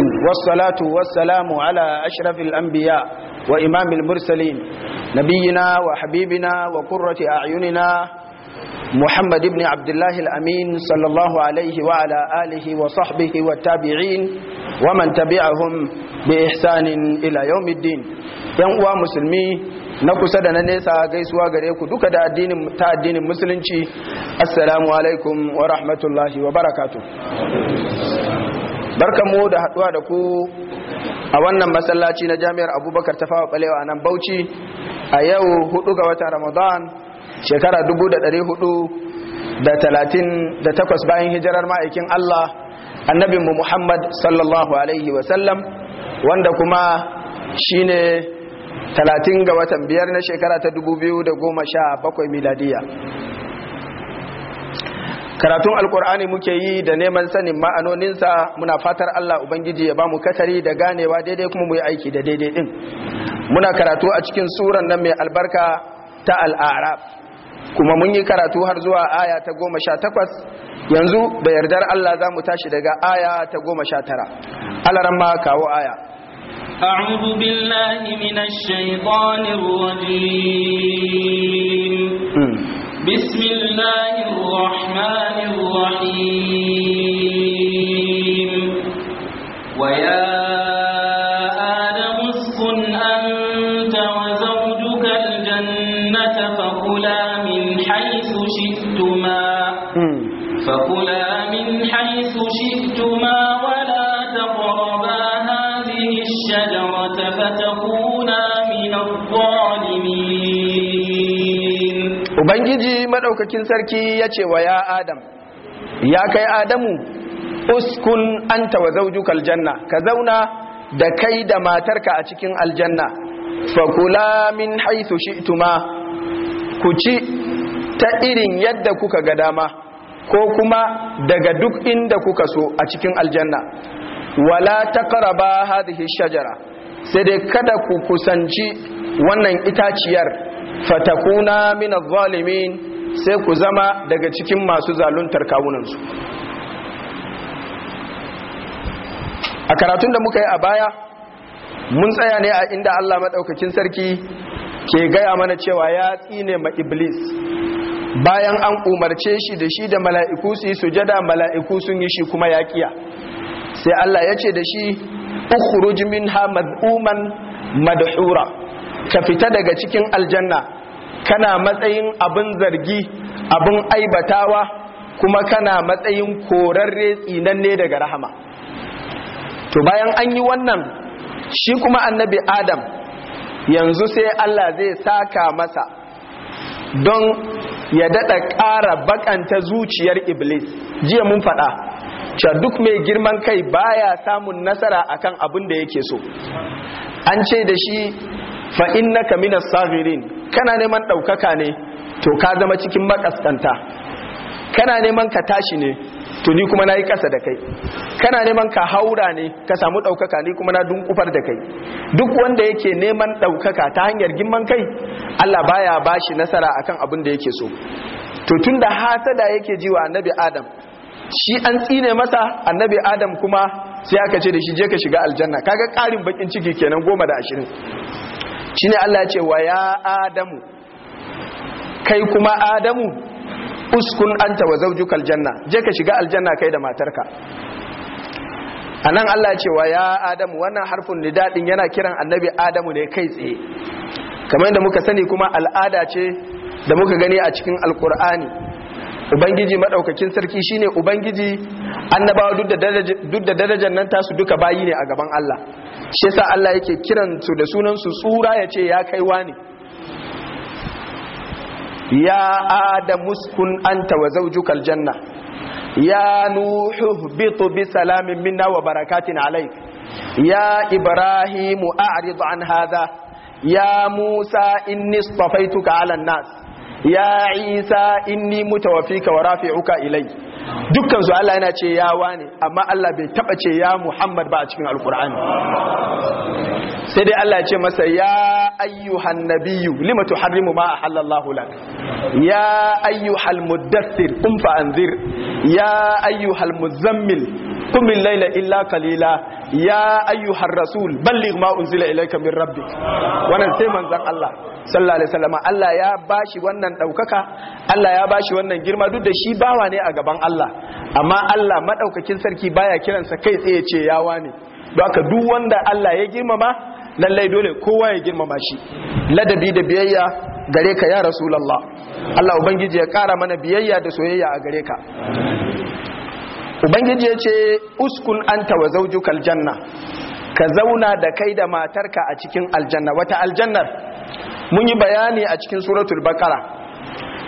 والصلاة والسلام على أشرف الأنبياء وإمام المرسلين نبينا وحبيبنا وقرة أعيننا محمد بن عبد الله الأمين صلى الله عليه وعلى آله وصحبه والتابعين ومن تبعهم بإحسان إلى يوم الدين ينقوى مسلمي na kusa da na nesa gaisuwa gare ku duka da addinin ta addinin musulunci assalamu alaikum wa rahmatullahi wa barakatuh barkanmu da haduwa da ku a wannan masallaci na jami'ar abubakar ta fawa balewa a nan bauchi a yau hudu ga watan ramadan shekara 438 bayan hijirar ma'aikin allah annabinmu muhammad sallallahu alaihi wasallam wanda kuma shine 30 ga watan biyar na shekara ta 2017 miladiya karatun alkur'ani muke yi da neman sanin ma'anoninsa muna fatar Allah ubangiji ya ba mu katari da ganewa daidai kuma mu yi aiki da daidai din muna karatu a cikin suran nan mai albarka ta al'arab kuma mun yi karatu har zuwa aya ta goma sha takwas yanzu da yardar Allah za mu tashi daga aya ta goma sha tara alaramma kawo aya أعوذ بالله من الشيطان الرجيم بسم الله الرحمن الرحيم ويا آدم اسكن أنت وزوجك الجنة فكلا من حيث شئتما فكلا من حيث شئتما ولا ubangiji madaukakin sarki ya ce wa ya adam ya kai adamu uskun anta wa zawjuka janna ka zauna da kai da matarka a cikin aljanna fakula min haythu shi'tuma ku ci ta irin yadda kuka ga dama ko kuma daga duk inda kuka so a cikin aljanna wala taqraba hadhihi shajara sai dai kada ku kusanci wannan itaciyar fatakuna min adh-dhalimin sai ku zama daga cikin masu zaluntar kawunansu a karatun da muka yi a baya mun tsaya ne a inda Allah madaukakin sarki ke gaya mana cewa ya tsine ma iblis bayan an umarce shi da shi da mala'iku su yi sujada mala'iku sun yi shi kuma yaƙiya sai Allah ya ce da shi ukhruj minha mad'uman madhura ka fita daga cikin aljanna kana matsayin abin zargi abin aibatawa kuma kana matsayin korarre tsinanne daga rahama to bayan an yi wannan shi kuma annabi adam yanzu sai Allah zai saka masa don ya daɗa ƙara bakanta zuciyar iblis jiya mun faɗa cewa duk mai girman kai baya samun nasara akan abin da yake so an ce da shi fa innaka minas saghirin kana neman ɗaukaka ne to ka zama cikin makaskanta kana neman ka tashi ne to ni kuma nayi kasa da kai kana neman ka haura ne ka samu ɗaukaka ni kuma na dunkufar da kai duk wanda yake neman ɗaukaka ta hanyar gimman kai Allah baya bashi nasara akan abin da yake so to tunda hasada yake ji wa annabi Adam shi an tsine masa annabi adam kuma sai aka ce da shi je ka shiga aljanna kaga karin bakin ciki kenan goma da ashirin shine Allah ya ce wa ya adamu kai kuma adamu uskun ta wa zawjuka aljanna je ka shiga aljanna kai da matarka A nan Allah ya ce wa ya adamu wannan harfin daɗin yana kiran annabi adamu ne kai tsaye kamar yadda muka sani kuma al'ada ce da muka gani a cikin alkur'ani ubangiji maɗaukakin sarki shine ubangiji annabawa duk da darajar nan tasu duka bayi ne a gaban Allah shi yasa Allah yake kiran su da sunansu tsura ya ce ya kai wani ya adamu uskun anta wa zawjuka aljanna ya nuhu bitu bi salamin minna wa barakatin alai. ya ibrahim a'rid an hadha ya musa inni istafaituka ala nas ya isa inni mutawaffika wa rafi'uka ilayya dukkan su Allah yana ce ya wane amma Allah bai taba ce ya Muhammad ba a cikin alkur'ani sai dai Allah ya ce masa ya ayyuhan nabiyyu lima tuharrimu ma ahallallahu lak ya ayyuhal muddathir qum fa anzir ya ayyuhal muzammil kumin laila illa kalila ya ayyuhar rasul balligh ma unzila ilaika min rabbik wannan sai manzon Allah sallallahu alaihi wasallam Allah ya bashi wannan daukaka Allah ya bashi wannan girma duk da shi bawa ne a gaban Allah amma Allah madaukakin sarki baya kiran sa kai tsaye ce yawa ne don haka duk wanda Allah ya girmama lallai dole kowa ya girmama shi ladabi da biyayya gare ka ya rasulullah Allah ubangiji ya kara mana biyayya da soyayya a gare ka ubangiji ya ce uskun anta wa zaujukal janna ka zauna da kai da matarka a cikin aljanna wata aljannar mun yi bayani a cikin suratul bakara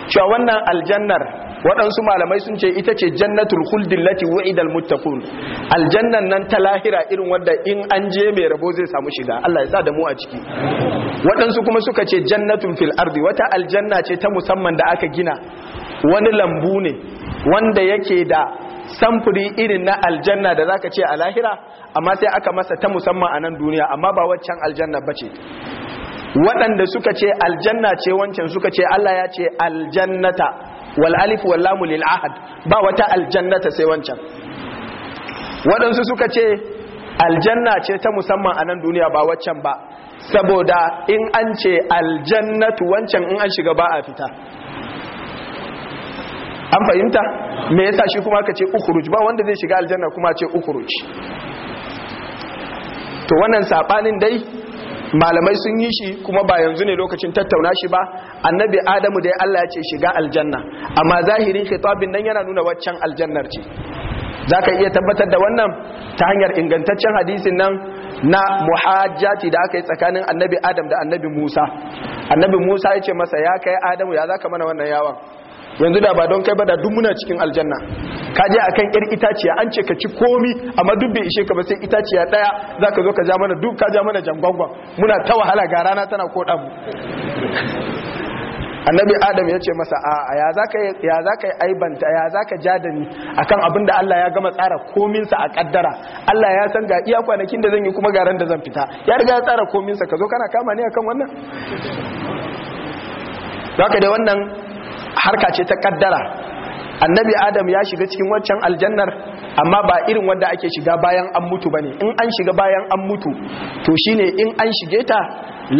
cewa wannan aljannar waɗansu malamai sun ce ita ce jannatul khuldin lati wa'idal muttaqun aljannan nan ta lahira irin wanda in an je mai rabo zai samu shiga Allah ya sa da mu a ciki waɗansu kuma suka ce jannatun fil ardi wata aljanna ce ta musamman da aka gina wani lambu ne wanda yake da samfuri irin na aljanna da zaka ce a lahira amma sai aka masa ta musamman a nan duniya amma ba waccan aljanna bace waɗanda suka ce aljanna ce wancan suka ce Allah ya ce aljannata wal alif wal lam lil ahad ba wata aljannata sai wancan waɗansu suka ce aljanna ce ta musamman a nan duniya ba waccan ba saboda in an ce aljannatu wancan in an shiga ba a fita an fahimta me yasa shi kuma ka ce ukhruj ba wanda zai shiga aljanna kuma ce ukhruj to wannan sabanin dai malamai sun yi shi kuma ba yanzu ne lokacin tattauna shi ba annabi adamu dai Allah ya ce shiga aljanna amma zahirin khitabin nan yana nuna waccan aljannar ce zaka iya tabbatar da wannan ta hanyar ingantaccen hadisin nan na muhajjati da aka yi tsakanin annabi adam da annabi musa annabi musa ya ce masa ya kai adamu ya zaka mana wannan yawon yanzu da ba don kai ba da duk muna cikin aljanna ka je akan yar itaciya an ce ka ci komi amma duk bai ishe ka ba sai itaciya daya zaka zo ka ja mana duk ka ja mana jangwangwa muna ta wahala ga rana tana koda mu annabi adam ya ce masa a ya zaka ya zaka aibanta ya zaka ja da ni akan abin da Allah ya gama tsara komin sa a kaddara Allah ya san ga iya kwanakin da zan yi kuma ran da zan fita ya riga ya tsara komin sa ka zo kana kama ni akan wannan zaka da wannan harka ce ta kaddara annabi adam ya shiga cikin waccan aljannar amma ba irin wanda ake shiga bayan an mutu bane in an shiga bayan an mutu to shine in an shige ta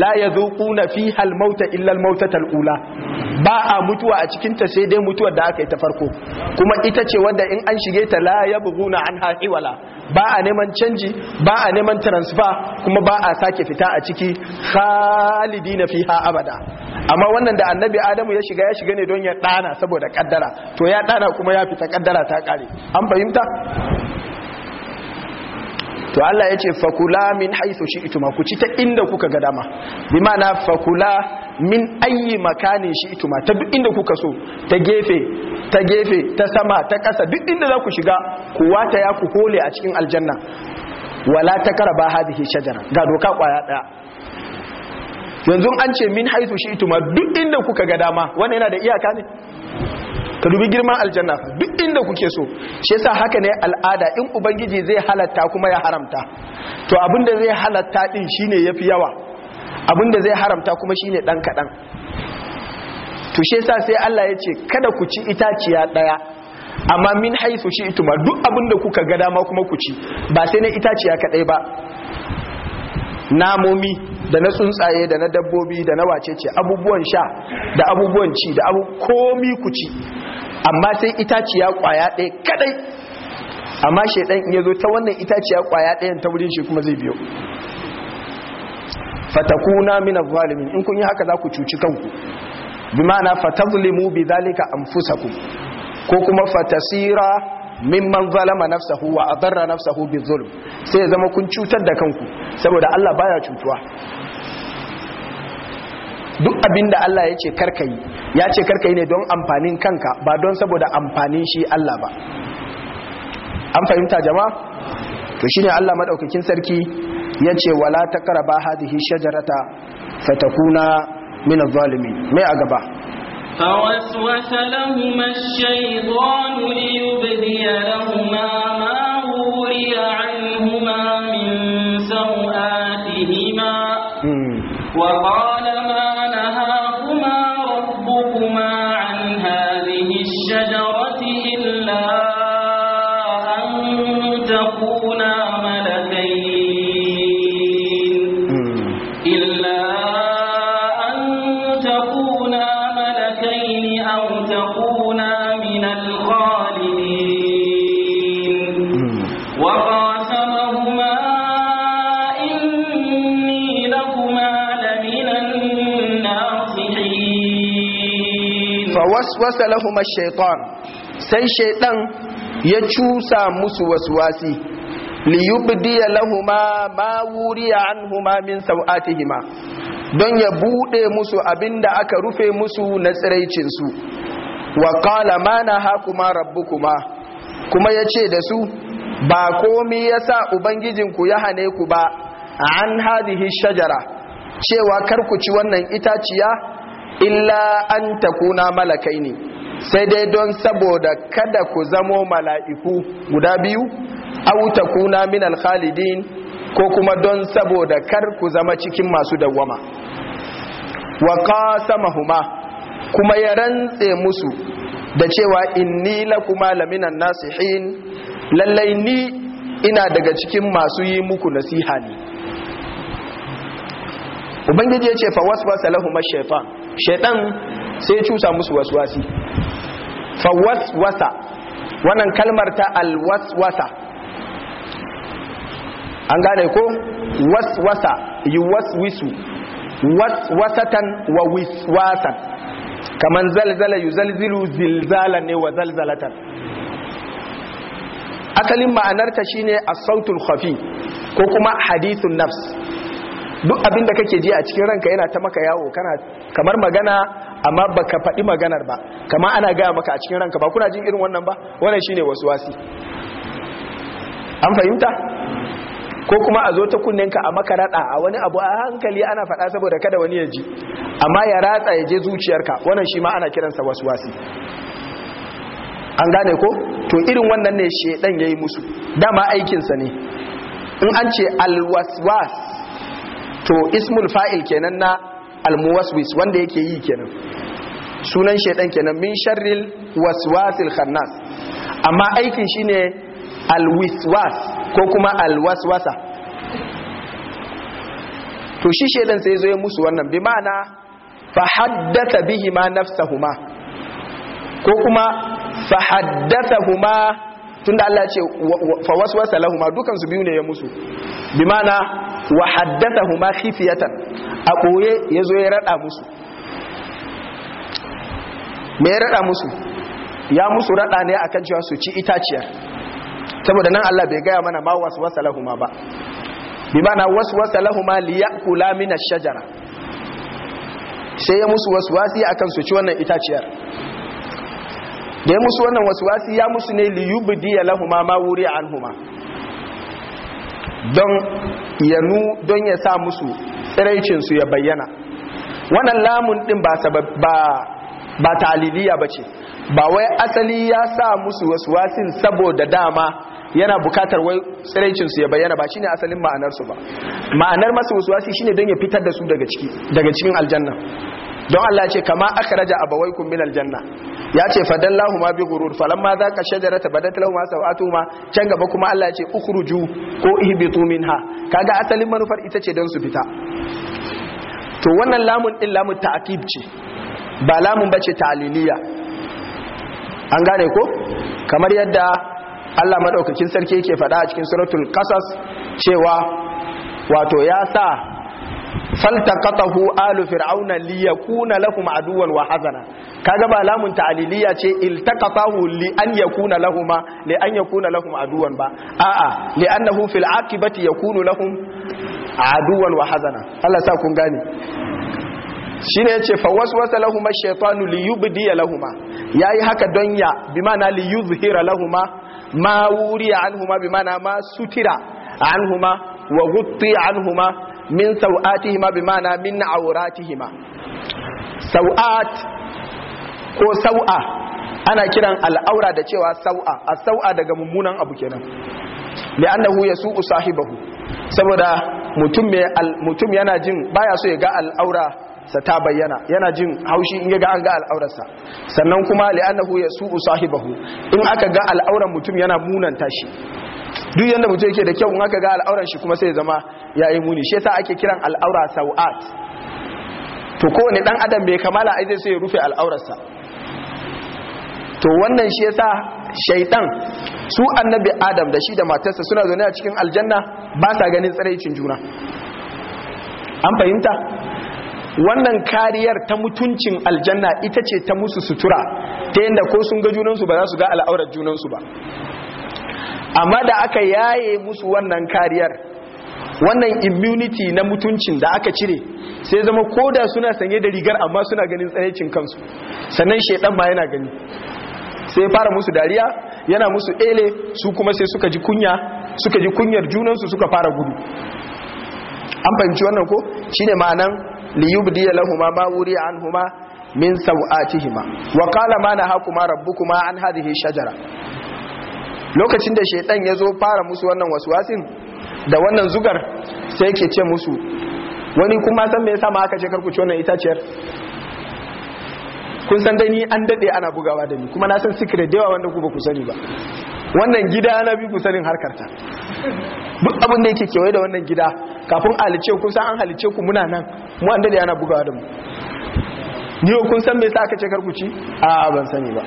la yazuquna fiha al-mauta illa al-mautata al ba a mutuwa a cikin ta sai dai mutuwar da aka yi ta farko kuma ita ce wanda in an shige ta la yabghuna anha hiwala ba a neman canji ba a neman transfer kuma ba a sake fita a ciki khalidina fiha abada amma wannan da annabi adamu ya shiga ya shiga ne don ya dana saboda kaddara to ya dana kuma ya fita kaddara ta kare an fahimta to Allah ya ce fakula min haithu ituma ku ci ta inda kuka ga dama bi ma'ana fakula min ayi makanin ituma ta duk inda kuka so ta gefe ta gefe ta sama ta ƙasa duk inda za ku shiga ku wata ya ku hole a cikin aljanna wala ta takaraba hadhihi shajara ga doka kwaya daya yanzu an ce min haithu ituma duk inda kuka ga dama wannan yana da iyaka ne ka dubi girman aljanna duk inda kuke so shi yasa haka ne al'ada in ubangiji zai halatta kuma ya haramta to abinda zai halatta din shine yafi yawa abinda zai haramta kuma shine dan kadan to shi yasa sai Allah ya ce kada ku ci itaciya daya amma min haisu shi ituma duk da kuka ga dama kuma ku ci ba sai na itaciya kadai ba namomi da na tsuntsaye da na dabbobi da na wacece abubuwan sha da abubuwan ci da abu komi ku ci amma sai itaciya kwaya ɗaya kadai amma shaidan ya zo ta wannan itaciya kwaya ɗayan ta wurin shi kuma zai biyo fatakuna min zalimin in kun yi haka za ku cuci kanku bi ma'ana fatazlimu bi zalika anfusakum ko kuma fatasira mimman zalama nafsahu wa adarra nafsahu bi zulm sai ya zama kun cutar da kanku saboda Allah baya cutuwa duk abinda Allah yace ce yace karkai ne don amfanin kanka ba don saboda amfanin shi Allah ba an fahimta jama'a to shine Allah madaukakin sarki yace, wala takraba hadhihi shajarata fatakuna min adh-dhalimin mai a gaba فوسوس لهما الشيطان ليبدي لهما ما وري عنهما من سوآتهما وقال waswasa lahum ash-shaytan sai shaytan ya cusa musu waswasi li yubdi lahum ma wuriya anhuma min sawatihima don ya bude musu abinda aka rufe musu na tsiraicin su wa qala ma nahakuma rabbukuma kuma yace da su ba komai yasa ubangijin ku ya hane ku ba an hadhihi shajara cewa kar ku ci wannan itaciya illa an ta kuna malakai ne sai dai don saboda kada ku zamo mala'iku guda biyu au ta kuna min alkhalidin ko kuma don saboda kar ku zama cikin masu dawwama wa qasamahuma kuma ya rantse musu da cewa inni kuma laminan nasihin lallai ni ina daga cikin masu yi muku nasiha ne ubangiji ya ce fa waswasa lahumash shaitan shaidan sai ya cusa musu waswasi fawaswasa wannan kalmar ta alwaswasa an gane ko waswasa yuwaswisu waswasatan wa wiswasan kaman zalzala yuzalzilu zilzala ne wa zalzalatan asalin ma'anarta shine as-sautul khafi ko kuma hadithun nafs duk abin da kake ji a cikin ranka yana ta maka yawo kana kamar magana amma baka faɗi maganar ba kama ana gaya maka a cikin ranka ba kuna jin irin wannan ba wannan shine wasi. an fahimta ko kuma a zo ta kunnen ka a maka rada a wani abu a hankali ana faɗa saboda kada wani ya ji amma ya ratsa ya je zuciyarka wannan shi ma ana kiransa wasi. an gane ko to irin wannan ne shedan yayi musu dama aikinsa ne in an ce alwaswas to ismul fa'il kenan na almuwaswis wanda yake yi kenan sunan shaidan kenan min sharril waswasil khannas amma aikin shine alwiswas ko kuma alwaswasa to shi shaidan sai zo ya musu wannan bi ma'ana fa haddatha bihi ma nafsahuma ko kuma fa haddathahuma tunda Allah ya ce fa waswasa lahuma dukan su biyu ne ya musu bi ma'ana wa haddata huma khifiyatan a ya zo ya rada musu me ya rada musu ya musu rada ne akan cewa su ci itaciyar saboda nan Allah bai gaya mana ma wasu wasa lahuma ba bi mana wasa lahuma liya min ash-shajara sai ya musu wasu a akan su ci wannan itaciyar da ya musu wannan wasu wasi ya musu ne liyubdi lahuma ma wuri huma don don ya sa musu tsiraicinsu ya bayyana wannan lamun din ba ba taliliya ba ce ba wai asali ya sa musu wasu wasin saboda dama yana bukatar wai tsiraicinsu ya bayyana ba shine asalin ma'anarsu ba ma'anar masu wasi shine don ya fitar da su daga cikin aljanna don Allah ce kama akhraja abawaykum min janna ya ce fadallahu ma bi ghurur falamma zaqa shajarata badat sau'atu ma. can gaba kuma Allah ya ce ukhruju ko ihbitu minha kaga asalin manufar ita ce don su fita to wannan lamun din lamun ta'kid ce ba lamun bace ta'liliya an gane ko kamar yadda Allah madaukakin sarki yake faɗa a cikin suratul qasas cewa wato ya sa faltaqatahu alu fir'auna liyakuna lahum aduwan wa hazana kaga ba lamun ta'liliya ce iltaqatahu li an yakuna lahum li an yakuna lahum aduwan ba a'a li annahu fil aqibati yakunu lahum aduwan wa hazana Allah sa kun gane shine yace fa waswasa lahum ash-shaytanu liyubdi lahum yayi haka don ya bi mana liyuzhira lahum ma wuriya anhuma bi mana ma sutira anhuma wa ghutti anhuma min sau'atihima bi mana min auratihima sau'at ko sau'a ana kiran al'aura da cewa sau'a a sau'a daga mummunan abu kenan li'annahu yasu'u sahibahu saboda mutum yana jin baya so ya ga al'aura sa ta bayyana yana jin haushi in ga an ga sa. sannan kuma li'annahu yasu'u sahibahu in aka ga al'auran mutum yana munanta shi duk yadda mutum yake da kyau in aka ga al'auran shi kuma sai zama ya yi muni shi yasa ake kiran al'aura sau'at to kowane dan adam bai kamala a sai ya rufe al'aurarsa to wannan shi yasa shaitan su annabi adam da shi da matarsa suna zaune a cikin aljanna ba sa ganin tsaraicin juna an fahimta wannan kariyar ta mutuncin aljanna ita ce ta musu sutura ta yadda ko sun ga junansu ba za su ga al'aurar junansu ba amma da aka yaye musu wannan kariyar wannan immunity na mutuncin da aka cire sai zama ko da suna sanye da rigar amma suna ganin tsayacin kansu sannan shaidan ma yana gani sai fara musu dariya yana musu ele su kuma sai suka ji kunya suka ji kunyar junansu suka fara gudu an fahimci wannan ko shine ma'anan liyubdi lahuma ma wuri anhuma min sawatihima wa qala ma rabbu kuma an hadihi shajara lokacin da shaidan ya zo fara musu wannan wasin da wannan zugar sai yake ce musu wani kuma san me yasa ma aka ce karku ci wannan itaciyar kun san dai ni an dade ana bugawa da ni kuma na san secret da yawa wanda ku ba ku sani ba wannan gida na bi ku sanin harkar ta duk abin da yake kewaye da wannan gida kafin halice ku san an halice ku muna nan mu an dade ana bugawa da mu ni kun san me yasa aka ce karku ci a ban sani ba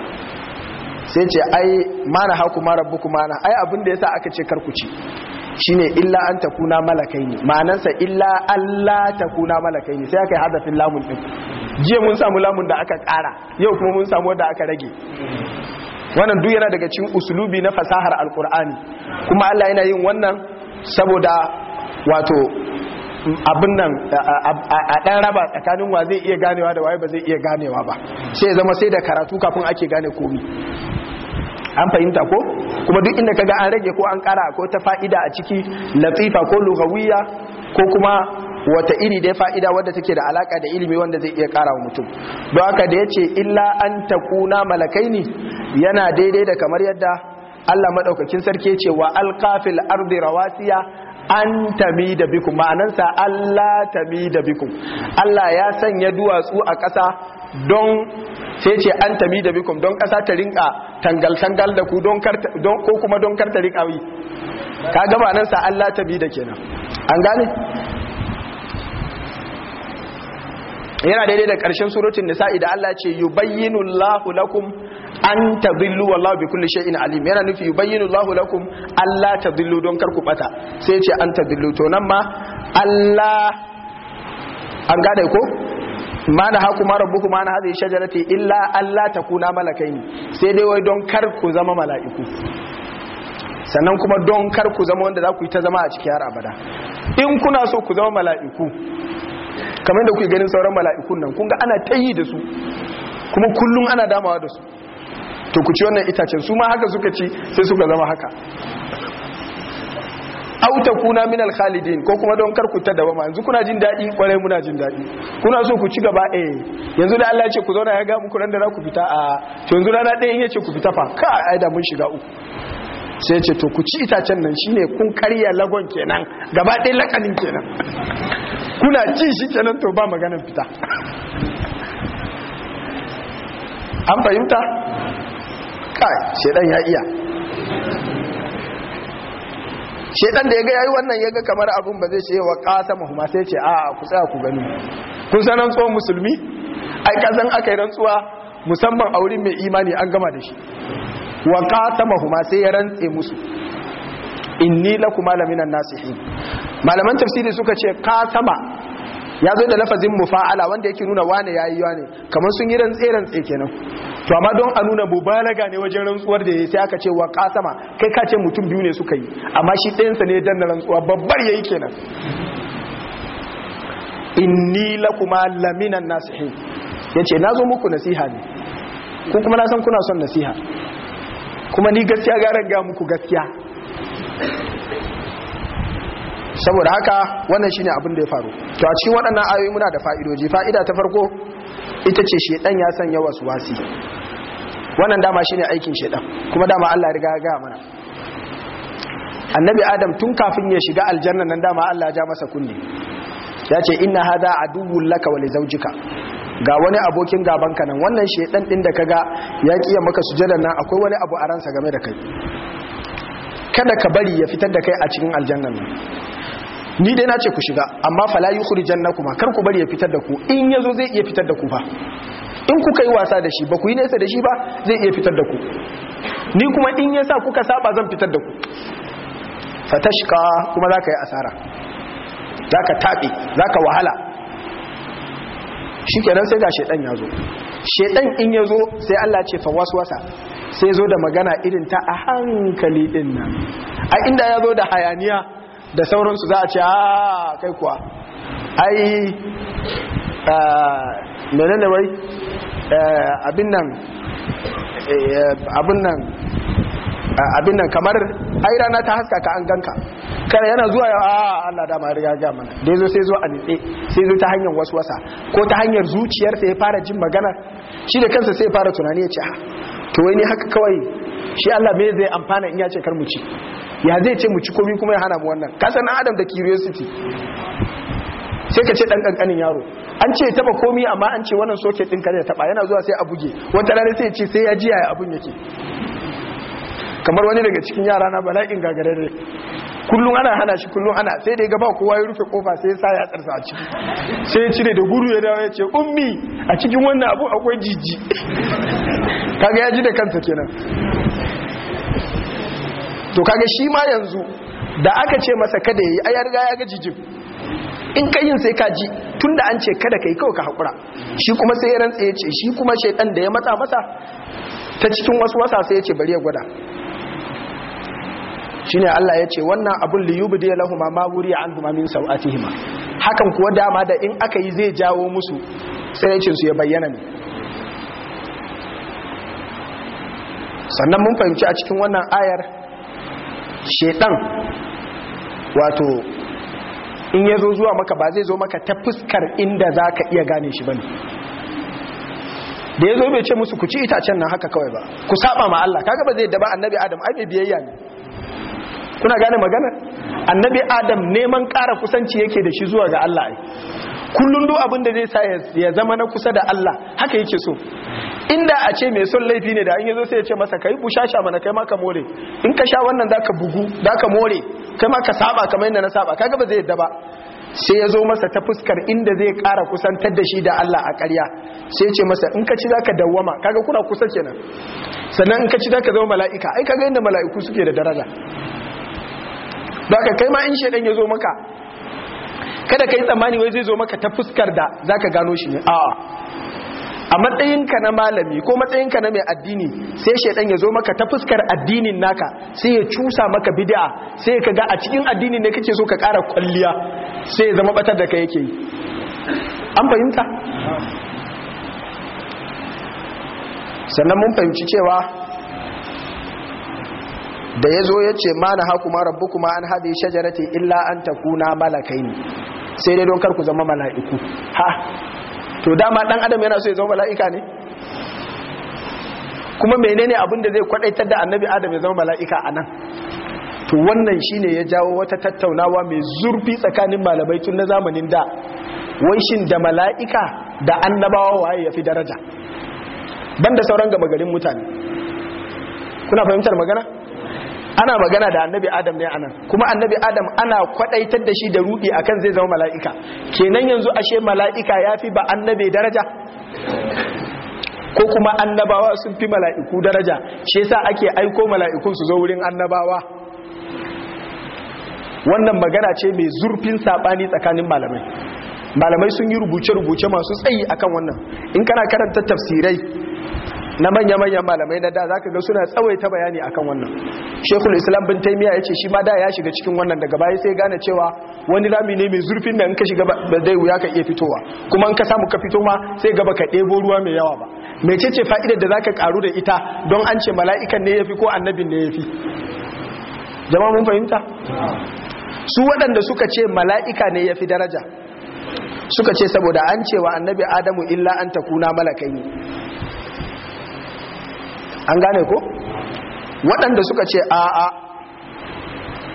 sai ce ai mana haku ma mana ai abin da yasa aka ce karku ci shine illa an takuna malakai ne ma'anansa illa Allah takuna malakai ne sai aka yi hadafin lamun din jiya mun samu lamun da aka ƙara yau kuma mun samu wanda aka rage wannan duk yana daga cikin usulubi na fasahar alkur'ani kuma Allah yana yin wannan saboda wato abin nan a ɗan raba tsakanin wa zai iya ganewa da waye ba zai iya ganewa ba sai zama sai da karatu kafin ake gane komi an fahimta ko kuma duk inda kaga an rage ko an kara ko ta fa'ida a ciki latifa ko lughawiyya ko kuma wata iri da fa'ida wadda take da alaka da ilimi wanda zai iya kara wa mutum don haka da yace illa an takuna malakaini yana daidai da kamar yadda Allah madaukakin sarki yace wa alqafil ardi rawasiya an tami da bikun, ma'anansa Allah tami da bikun. Allah ya sanya duwatsu a ƙasa don sai ce an tami da bikun, don ƙasa ta rinka tangal-tangal da ku don ko kuma don karta rinka wi ka ga ma'anansa Allah tami da kenan an gane yana daidai da ƙarshen surutun nisa idan Allah ce yubayyinu Allahu lakum an tadillu wallahu bi kulli shay'in alim yana nufi yubayyinu Allahu lakum alla tadillu don kar ku bata sai ce an tadillu to nan ma Allah an gane ko ma na haku ma rabbuku ma na hadhihi shajarati illa alla takuna malakaini sai dai wai don kar ku zama mala'iku sannan kuma don kar ku zama wanda za ku yi ta zama a cikin har abada in kuna so ku zama mala'iku kamar da kuke ganin sauran mala'ikun nan kun ga ana tayi da su kuma kullum ana damawa da su to ku ci wannan itacen su ma haka suka ci sai suka zama haka Auta kuna min al-khalidin ko kuma don kar ku ta dawama yanzu kuna jin dadi kwarai muna jin dadi kuna so ku ci gaba eh yanzu da Allah ya ce ku zauna ya ga muku ran da za ku fita a to yanzu rana ɗaya ya ce ku fita fa ka ai da mun shiga uku sai ce to ku ci itacen nan shine kun karya lagon kenan gaba ɗaya lakanin kenan kuna ci shi kenan to ba maganar fita an fahimta kai shedan ya iya shedan da ya ga yayi wannan ya ga kamar abun ba zai ce wa qasama huma sai ce a ku tsaya ku gani kun san musulmi ai kazan aka yi rantsuwa musamman a wurin mai imani an gama da shi wa qasama huma sai ya rantse musu inni lakum malaminan nasihin malaman tafsiri suka ce qasama ya zo da lafazin mufa'ala wanda yake nuna wane yayi wane kamar sun yi rantsi rantsi kenan to amma don a nuna mubalaga ne wajen rantsuwar da yayi sai aka ce wa qasama kai ka ce mutum biyu ne suka yi amma shi ɗayan sa ne dan rantsuwa babbar yayi kenan inni lakuma laminan nasihin yace zo muku nasiha ne ku kuma na san kuna son nasiha kuma ni gaskiya garan ga muku gaskiya saboda haka wannan shine abin da ya faru to a cikin waɗannan ayoyi muna da fa'idoji fa'ida ta farko ita ce shedan ya sanya wasu wasi wannan dama shine aikin shedan kuma dama Allah ya riga ya ga mana annabi adam tun kafin ya shiga aljanna nan dama Allah ya ja masa kunne ya ce inna hada aduwwul laka wa li ga wani abokin ka nan wannan shedan din da kaga ya kiya maka sujada nan akwai wani abu a ransa game da kai kada ka bari ya fitar da kai a cikin aljanna nan ni dai na ce ku shiga amma fala yukhrijanna kuma kar ku bari ya fitar da ku in yazo zai iya fitar da ku fa in kuka yi wasa da shi ba ku yi nesa da shi ba zai iya fitar da ku ni kuma in yasa kuka saba zan fitar da ku fatashka kuma zaka yi asara zaka tabe zaka wahala shikenan sai ga ya yazo shedan in yazo sai Allah ce fa wasa sai zo da magana irin ta a hankali din nan a inda ya zo da hayaniya da sauransu za a ce a ah, kai kuwa ai eh, ne wai eh, eh, abin nan kamar ai rana ta haska ka an ganka kare yana zuwa ah, ya a Allah da ma riga ga mana da zo sai zo a nitse sai zo ta hanyar wasu wasa, ko ta hanyar zuciyarsa ya fara jin magana shi da kansa sai ya fara tunani ya ce ah, to wai ne haka kawai shi Allah me zai amfana in ya ce kar mu ci ya zai ce mu ci komi kuma ya hana mu wannan ka san adam da curiosity sai ka ce dan kankanin yaro an ce taba komi amma an ce wannan socket din kare taba yana zuwa sai a buge wata rana sai ya ce sai ya ji ya abun yake kamar wani daga cikin yara na bala'in gagarare kullum ana hana shi kullum ana sai dai gaba kowa ya rufe kofa sai ya sa ya tsarsa a ciki sai ya cire da guru ya dawo ya ce ummi a cikin wannan abu akwai jiji kaga ya ji da kansa kenan to kaga shi ma yanzu da aka ce masa kada yayi ayar ga ya ga jijib in ka yin sai ka ji tunda an ce kada kai kawai ka hakura shi kuma sai ya rantsa ya ce shi kuma shaidan da ya matsa masa ta cikin wasu wasa sai ya ce bari ya gwada shine Allah ya ce wannan abun li yubdi lahum ma wuri anhum min sawatihima hakan kuwa dama da in aka yi zai jawo musu sai ya ce su ya bayyana ne sannan mun fahimci a cikin wannan ayar shedan wato in ya zo zuwa maka ba zai zo maka ta fuskar inda za ka iya gane shi ba bane da ya zo bai ce musu ku ci itacen nan haka kawai ba ku saba ma Allah kaga ba zai daba annabi adam ai mai biyayya ne kuna gane magana annabi adam neman ƙara kusanci yake da shi zuwa ga Allah ai kullum duk abin da zai sa ya zama na kusa da Allah haka yake so inda a ce mai son laifi ne da an zo sai ya ce masa kai shasha mana kai ma ka more in ka sha wannan zaka bugu zaka more kai ma ka saba kamar yadda na saba kaga ba zai yadda ba sai ya zo masa ta fuskar inda zai ƙara kusantar da shi da Allah a ƙarya sai ya ce masa in ka ci za ka dawwama kaga kuna kusa kenan sannan in ka ci za ka zama mala'ika ai kaga inda mala'iku suke da daraja da kai ma in shedan ya zo maka kada ka yi tsammani wai zai zo maka ta fuskar da za ka gano shi ne a matsayinka na malami ko matsayinka na mai addini sai shaidan ya zo maka ta fuskar addinin naka sai ya cusa maka bid'a sai ka ga a cikin addinin ne kake so ka ƙara kwalliya sai ya zama batar da ka yake yi an fahimta sannan mun fahimci cewa da ya zo ya ce ma na haku ma rabbu kuma an haɗe shajarati illa an ta kuna malakai ne sai dai don kar ku zama mala'iku ha to dama ɗan adam yana so ya zama mala'ika ne kuma menene abin da zai kwadaitar da annabi adam ya zama mala'ika a nan to wannan shine ya jawo wata tattaunawa mai zurfi tsakanin malamai tun na zamanin da wanshin da mala'ika da annabawa waye ya fi daraja banda sauran gama garin mutane kuna fahimtar magana ana magana da annabi adam ne anan kuma annabi adam ana kwadaitar da shi da ruɗi akan zai zama mala'ika kenan yanzu ashe mala'ika yafi ba annabi daraja ko kuma annabawa sun fi mala'iku daraja shi yasa ake aiko mala'ikun su zo wurin annabawa wannan magana ce mai zurfin sabani tsakanin malamai malamai sun yi rubuce-rubuce masu tsayi akan wannan in kana karanta tafsirai na manya-manyan malamai na da za ka ga suna tsawaita bayani akan wannan shekul islam bin taimiya ya ce shi ma da ya shiga cikin wannan daga baya sai gane cewa wani rami ne mai zurfin da in ka shiga ba zai wuya ka iya fitowa kuma in ka samu ka fito ma sai gaba ka ɗebo ruwa mai yawa ba cece fa'idar da za ka karu da ita don an ce mala'ikan ne ya fi ko annabin ne ya fi jama mun fahimta su waɗanda suka ce mala'ika ne ya fi daraja suka ce saboda an cewa annabi adamu illa an takuna malakai an gane ko waɗanda suka ce a a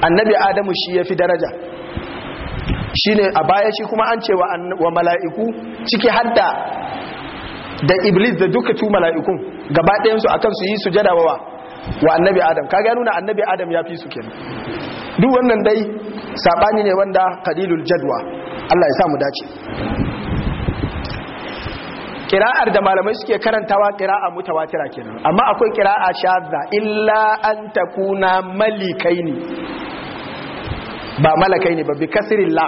annabi adamu shi ya fi daraja shi ne a baya shi kuma an ce wa mala'iku ciki hadda da iblis da duka tu mala'ikun gaba ɗayansu a kan su yi su jadawawa wa annabi adam ka gano na annabi adam ya fi su ke duk wannan dai saɓani ne wanda kalilul jadwa allah ya samu dace kira'ar da malamai suke karantawa kira'a mutawatira kenan amma akwai kira'a shadda illa an takuna malikaini ba ne ba bi kasirin la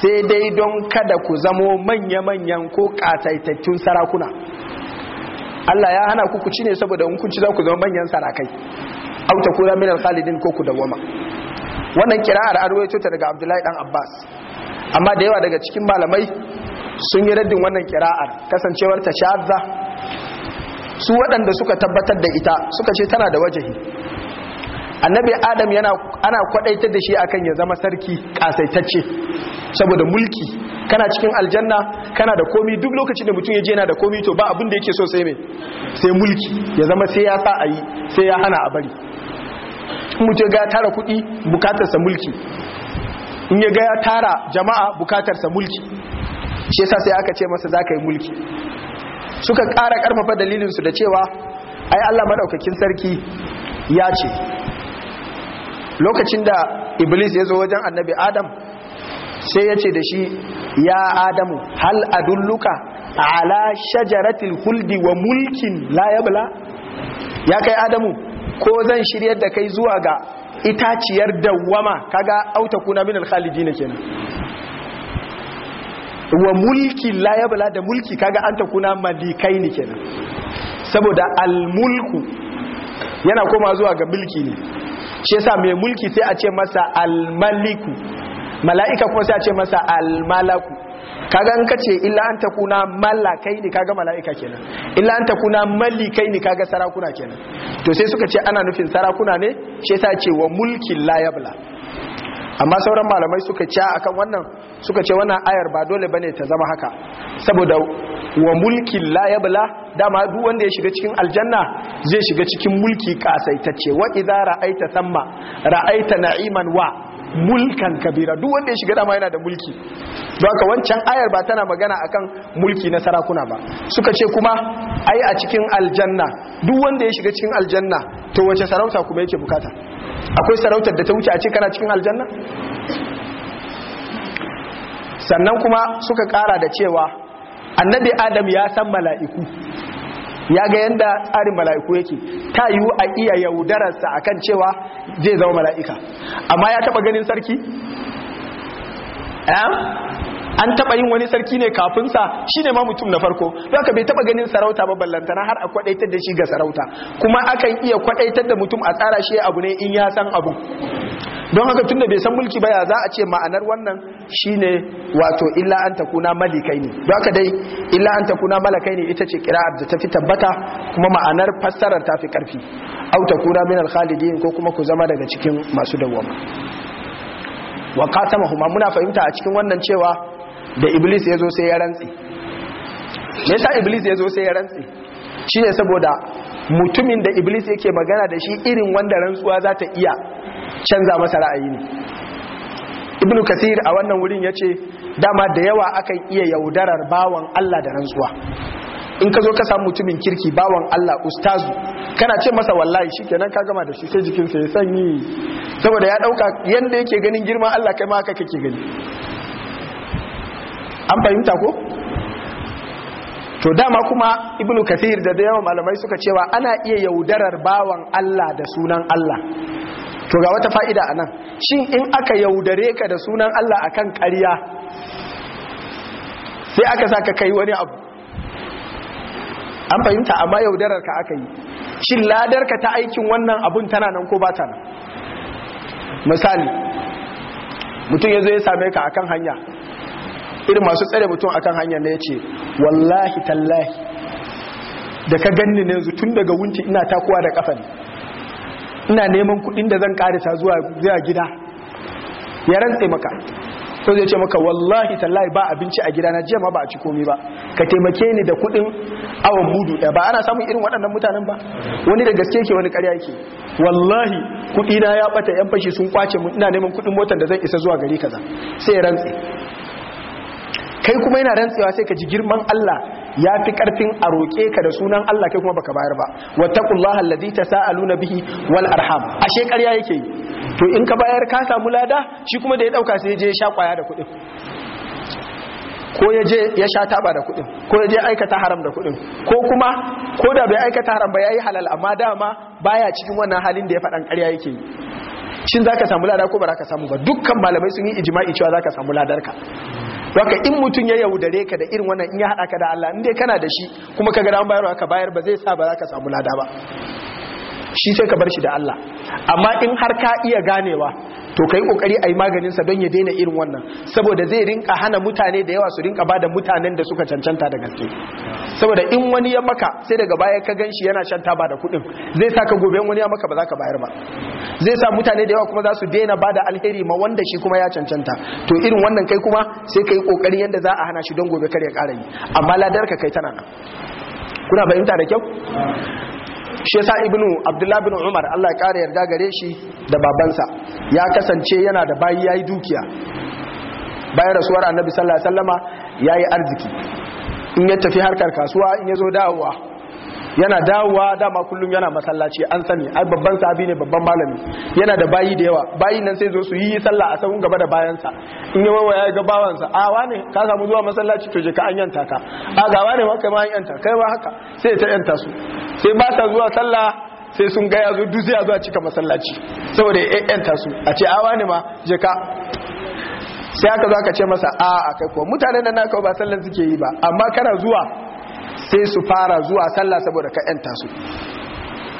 sai dai don kada ku zamo manya-manyan ko kataitattun sarakuna Allah ya hana ku ci ne saboda in kunci za ku zama manyan sarakai au takuna minal khalidin ko ku dawama wannan kira'ar arwayo ta daga Abdullahi dan Abbas amma da yawa daga cikin malamai sun yi raddin wannan kira'ar kasancewar ta shazza su waɗanda suka tabbatar da ita suka ce tana da wajahi annabi adam yana ana kwadaitar da shi akan ya zama sarki kasaitacce saboda mulki kana cikin aljanna kana da komi duk lokacin da mutum ya je yana da komi to ba abin da yake so sai mai sai mulki ya zama sai ya sa a sai ya hana a bari mutum ga tara kuɗi bukatarsa mulki in ya ga ya tara jama'a bukatarsa mulki shi yasa sai aka ce masa za ka yi mulki suka ƙara ƙarfafa dalilinsu da cewa ai Allah maɗaukakin sarki ya ce lokacin da iblis ya zo wajen annabi adam sai ya ce da shi ya adamu hal adulluka ala shajaratil huldi wa mulkin la ya kai adamu ko zan shiryar da kai zuwa ga itaciyar dawwama kaga na min alkhalidina kenan wa mulki la bala da mulki kaga an ta kuna malikai ne kenan saboda almulku yana koma zuwa ga mulki ne shi yasa mai mulki sai a ce masa almaliku mala'ika kuma sai a ce masa almalaku kaga an kace illa an ta kuna malakai ne kaga mala'ika kenan illa an ta kuna malikai ne kaga sarakuna kenan to sai suka ce ana nufin sarakuna ne shi yasa ce wa mulki la bala amma sauran malamai suka ci akan wannan suka ce wannan ayar ba dole bane ta zama haka saboda wa mulki la yabla dama duk wanda ya shiga cikin aljanna zai shiga cikin mulki kasaitacce wa idza ra'aita thamma ra'aita na'iman wa mulkan kabira duk wanda ya shiga dama yana da mulki don haka wancan ayar ba tana magana akan mulki na sarakuna ba suka ce kuma ai a cikin aljanna duk wanda ya shiga cikin aljanna to wace sarauta kuma yake bukata akwai sarautar da ta wuce a ce kana cikin aljanna sannan kuma suka kara da cewa annabi adam ya san mala'iku ya ga yadda tsarin mala'iku yake ta yiwu a iya yaudararsa akan cewa zai zama mala'ika amma ya taɓa ganin sarki an taba yin wani sarki ne kafin sa shine ma mutum na farko haka bai taba ganin sarauta ba ballantana har a kwadaitar da shi ga sarauta kuma akan iya kwadaitar da mutum a tsara shi abu ne in ya san abu don haka tunda bai san mulki ba ya za a ce ma'anar wannan shine wato illa an takuna malikai ne don haka dai illa an takuna malakai ne ita ce kira'ar da ta fi tabbata kuma ma'anar fassarar ta fi karfi au takuna min alkhalidin ko kuma ku zama daga cikin masu dawwama wa qatamahuma muna fahimta a cikin wannan cewa da iblis ya zo sai ya rantsi me yasa iblis ya zo sai ya rantsi Shi ne saboda mutumin da iblis yake magana da shi irin wanda rantsuwa za ta iya canza masa ra'ayi ne ibnu kasir a wannan wurin ya ce dama da yawa akan iya yaudarar bawan allah da rantsuwa in ka zo ka samu mutumin kirki bawan Allah ustazu kana ce masa wallahi shi kenan ka gama da shi sai jikinsa ya sanyi saboda ya dauka yanda yake ganin girman Allah kai ma haka kake gani an fahimta ko to dama kuma ibnu kathir da dayawa malamai suka cewa ana iya yaudarar bawan Allah da sunan Allah to ga wata fa'ida a nan shin in aka yaudare ka da sunan Allah akan ƙarya sai aka sa ka kai wani abu an fahimta amma yaudarar ka aka yi shin ladar ka ta aikin wannan abun tana nan ko ba ta nan misali mutum ya zo ya same ka akan hanya irin masu tsare mutum akan hanyar na ya ce wallahi tallahi da ka ganni ne yanzu tun daga wunci ina takuwa da kafan ina neman kudin da zan karisa zuwa gida ya rantse maka to zai ce maka wallahi tallahi ba abinci a gida na jiya ma ba a ci komi ba ka taimake ni da kudin awon budu ɗaya ba ana samun irin waɗannan mutanen ba wani da gaske ke wani ƙarya yake wallahi na ya bata yan fashi sun kwace mu ina neman kudin motar da zan isa zuwa gari kaza sai ya rantse kai kuma yana rantsewa sai ka ji girman Allah ya fi karfin a roƙe ka da sunan Allah kai kuma baka bayar ba wattaqullaha allazi tasaaluna bihi wal arham ashe ƙarya yake yi to in ka bayar ka samu lada shi kuma da ya ɗauka sai je ya sha kwaya da kuɗin ko ya je ya sha taba da kuɗin ko ya je aikata haram da kuɗin ko kuma ko da bai aikata haram ba yayi halal amma dama baya cikin wannan halin da ya faɗan ƙarya yake yi shin zaka samu lada ko ba ka samu ba dukkan malamai sun yi ijma'i cewa zaka samu ladarka waka in mutum ya yaudare ka da irin wannan in ya haɗa ka da Allah in dai kana da shi kuma ka ga an bayarwa ka bayar ba zai sa ba za ka samu lada ba shi sai ka bar shi da Allah amma in har ka iya ganewa to kai kokari ayi maganin sa don ya daina irin wannan saboda zai rinka hana mutane da yawa su rinka bada mutanen da suka cancanta da gaske saboda in wani ya maka sai daga baya ka ganshi yana shan taba da kuɗin zai sa ka gobe wani ya maka ba za ka bayar ba zai sa mutane da yawa kuma za su daina bada alheri ma wanda shi kuma ya cancanta to irin wannan kai kuma sai kai kokari yanda za a hana shi don gobe kar ya ƙara yi amma ladar ka kai tana nan kuna fahimta da kyau shi yasa ibnu Abdullahi bin umar Allah ya kare yarda gare shi da babansa ya kasance yana da bayi ya yi dukiya bayan rasuwar annabi sallallahu alaihi wasallama yayi arziki in ya tafi harkar kasuwa in ya zo dawowa yana dawowa dama kullum yana masallaci an sani ai babban sabi ne babban malami yana da bayi da yawa bayi nan sai zo su yi sallah a san gaba da bayansa in yi ya ga bawansa a wane ka samu zuwa masallaci to je ka an yanta ka a ga wane ma kai ma an yanta kai ma haka sai ta yanta su sai ba ta zuwa sallah sai sun ga ya zo duk a cika masallaci saboda ya yanta su a ce a wane ma je ka sai aka zo aka ce masa a a kai ko mutanen nan naka ba sallan suke yi ba amma kana zuwa sai su fara zuwa sallah saboda ka yanta su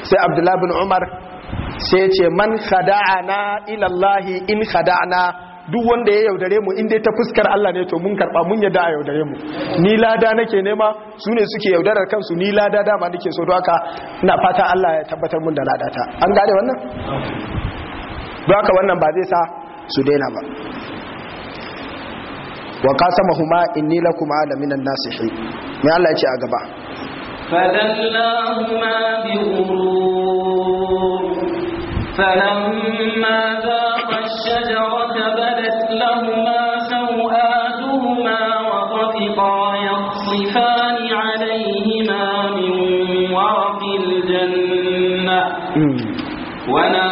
sai abdullahi bin umar sai ce man khada'ana ila in khada'ana duk wanda ya yaudare mu inda ta fuskar Allah ne to mun karba mun yadda a yaudare mu ni lada nake nema su ne suke yaudarar kansu ni lada dama nake so haka ina fata Allah ya tabbatar mun da ladata an gane wannan doka wannan ba zai sa su daina ba wa qasamahuma inni lakuma ala minan nasihin mai Allah ce a gaba فدلناهما بغرور فلما ذاق الشجرة بدت لهما سوآتهما وطفقا يخصفان عليهما من ورق الجنة ونادى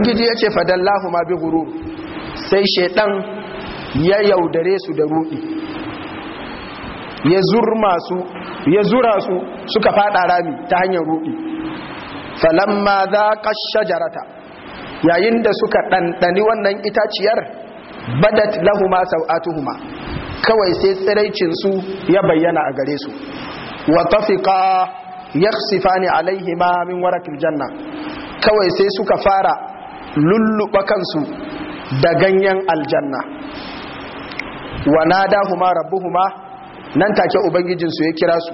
ubangiji ya ce fadallahu ma bi guru sai shaidan ya yaudare su da ruɗi ya su zura su suka fada rami ta hanyar ruɗi falamma ka shajarata yayin da suka ɗanɗani wannan itaciyar badat lahuma sau'atuhuma kawai sai tsiraicinsu ya bayyana a gare su wa sifa ne alaihima min warakil janna kawai sai suka fara lulluɓa kansu da ganyen aljanna wa rabu rabbuhuma nan take ubangijinsu ya kira su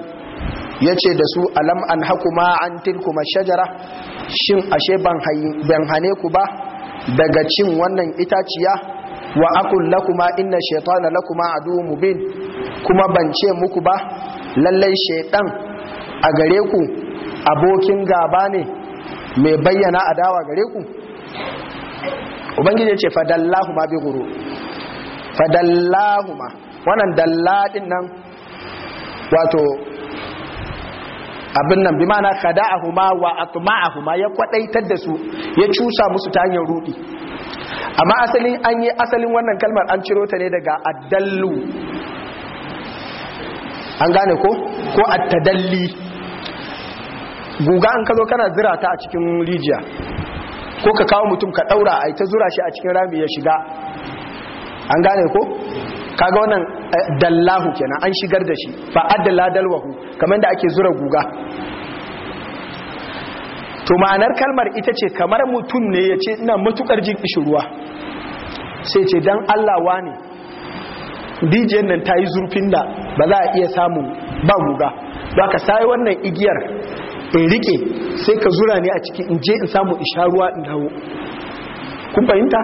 ya ce da su alam an hakuma an tilkuma shajara shin ashe ban hane ku ba daga cin wannan itaciya wa akun lakuma inna shaitana lakuma aduwwun mubin kuma ban ce muku ba lallai shaitan a gare ku abokin gaba ne mai bayyana adawa gare ku ubangiji ya ce fadallahu ma bi guru fadallahu ma wannan dalladin nan wato abin nan bi mana ma wa ma ya kwadaitar da su ya cusa musu ta hanyar rudi amma asalin an yi asalin wannan kalmar an ciro ta ne daga addallu an gane ko ko attadalli guga an kazo kana zira ta a cikin rijiya ko ka kawo mutum ka daura a ta zura shi a cikin rami ya shiga an gane ko kaga wannan eh, dallahu kenan an shigar da shi fa adalla dalwahu kamar da ake zura guga to ma'anar kalmar ita ce kamar mutum ne ya ce ina matukar jin ruwa sai ce dan Allah wane rijiyar nan ta yi zurfin da ba za a iya samun ba guga ba ka sayi wannan igiyar in rike sai ka zura ne a ciki in je in samu isha ruwa in dawo kun fahimta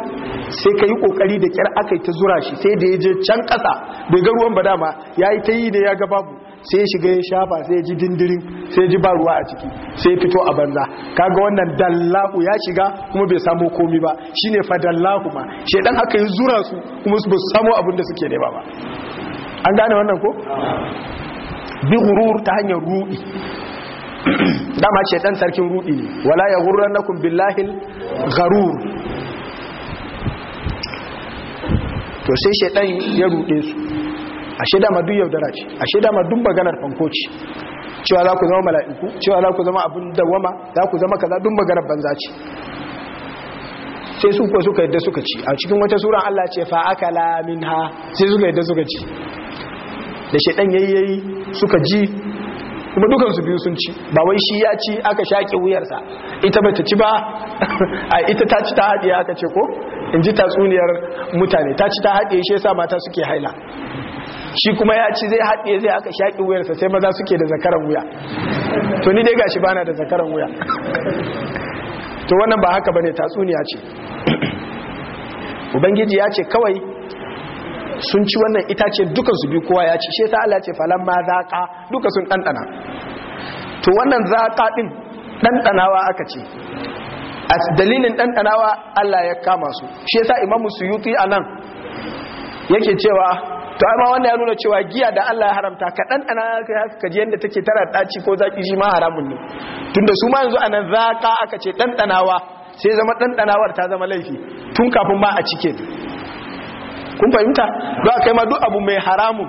sai ka yi kokari da kyar aka yi ta zura shi sai da ya je can kasa bai ga ruwan ba dama ya yi ta yi da ya ga babu sai ya shiga ya shafa sai ya ji dindirin sai ya ji ba ruwa a ciki sai ya fito a banza kaga wannan dallahu ya shiga kuma bai samu komi ba shine fa dallahu ma shedan haka yi zura su kuma su ba su samu abin da suke nema ba an gane wannan ko bi gurur ta hanyar ruɗi dama dan sarkin rudi ne wala ya gurran na kumbin lahil garur to sai shaidan ya rude su a shaida ma duk yaudara ce a shaida ma duk maganar fankoci cewa za ku zama mala'iku cewa za ku zama abin dawama za ku zama kaza duk maganar banza ce sai su ko suka yadda suka ci a cikin wata sura Allah ce fa akala minha sai suka yadda suka ci da shaidan yayyayi yayi suka ji kuma dukan su biyu sun ci ba wai shi ya ci aka shaƙe wuyarsa ita ba ta ci ba a ita ta ci ta haɗiye aka ce ko in ji tatsuniyar mutane ta ci ta haɗiye shi yasa mata suke haila shi kuma ya ci zai haɗiye zai aka shaƙe wuyarsa sai maza suke da zakaran wuya to ni dai gashi bana da zakaran wuya to wannan ba haka bane tatsuniya ce ubangiji ya ce kawai sun ci wannan itace dukan su bi kowa ya ci shi ta Allah ce falamma zaqa duka sun dandana to wannan zaqa din dandanawa aka ce a dalilin dandanawa Allah ya kama su shi yasa imamu suyuti anan yake cewa to amma wannan ya nuna cewa giya da Allah ya haramta ka dan ka ji yanda take tara daci ko zaki shi ma haramun ne tunda su ma yanzu anan zaka aka ce dan danawa sai zama dan danawar ta zama laifi tun kafin ba a cike kun fahimta a kai ma duk abu mai haramun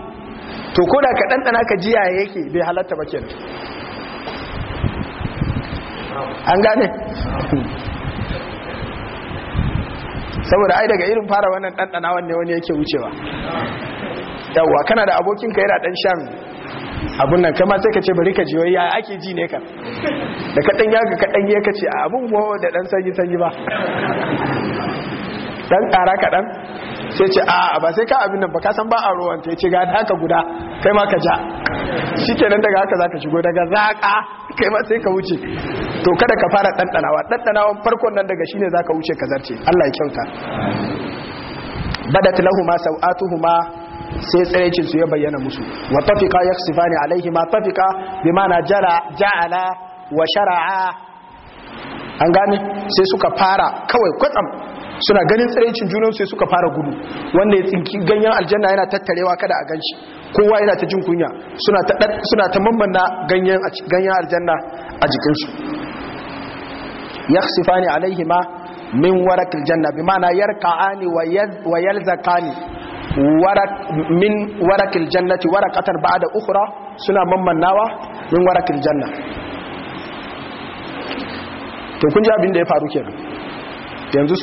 to ko da ka ɗanɗana ka jiya yake bai halatta ba kenan an gane saboda ai daga irin fara wannan ɗanɗana wanne wani yake wucewa yawwa kana da abokin ka yana ɗan shan abun nan kama sai ka ce bari ka ji wai ya ake ji ne ka da kaɗan ya ga kaɗan ya kace a abun ko da ɗan sanyi sanyi ba dan ƙara kaɗan sai ce a ba sai ka abin nan ba ka san ba a ruwan ta ce ga haka guda kai ma ka ja nan daga haka za ka shigo daga ka kai ma sai ka wuce to kada ka fara ɗanɗanawa ɗanɗanawan farkon nan daga shi ne za ka wuce ka zarce Allah ya kyauta badat lahumu sau'atuhuma sai tsiraicin su ya bayyana musu wa tafika yaksifani alaihi ma tafika bi mana jara ja'ala wa shara'a an gane sai suka fara kawai kwatsam suna ganin tsiraicin junan sai suka fara gudu wanda ya tsinki ganyen aljanna yana tattarewa kada a ganci, kowa yana ta jin kunya suna ta mamman ganyen aljanna a jikinsu. sifa ne alaihi ma min warakil janna bi ma'ana yarka'ani wa zaka ne min warakil jannati warakatan ba'da ukhra suna nawa min warakil janna to kun ji abin da ya faru kenan yanzu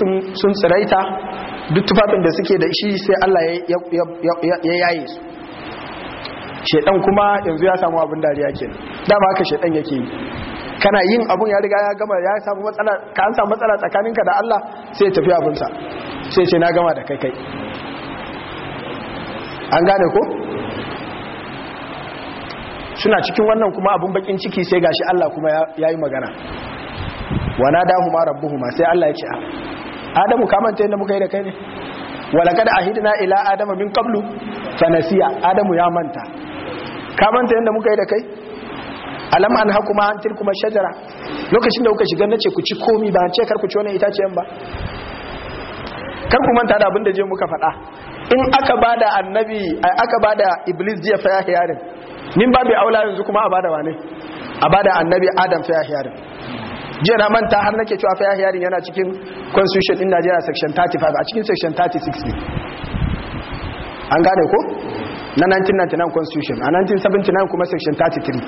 sun tsiraita duk tufafin da suke da shi sai Allah ya yaye su shaidan kuma yanzu ya samu abin dariya kenan dama haka shaidan yake yi kana yin abun ya riga ya gama ya samu matsala ka an samu matsala tsakaninka da Allah sai ya tafi abinsa sai ce na gama da kai kai an gane ko suna cikin wannan kuma abin bakin ciki sai gashi Allah kuma ya yi magana wa rabbu rabbuhuma sai Allah ya ce ah, Adamu ka manta muka yi da kai ne walaqad ahidna ila adama min qablu fanasiya Adamu ya manta ka manta muka yi da kai alam an hakuma an tilkuma shajara lokacin da kuka shiga nace ku ci komi ba an ce kar ku ci wannan itaciyen ba kar ku manta da abin da je muka faɗa in aka bada annabi eh, aka bada iblis jiya fa yahiyarin min babu aula yanzu kuma a bada wane a bada annabi adam fa yahiyarin jiya na manta har nake cewa fa yarin yana cikin constitution din Najeriya section 35 a cikin section 36 ne an gane ko na 1999 constitution a 1979 kuma section 33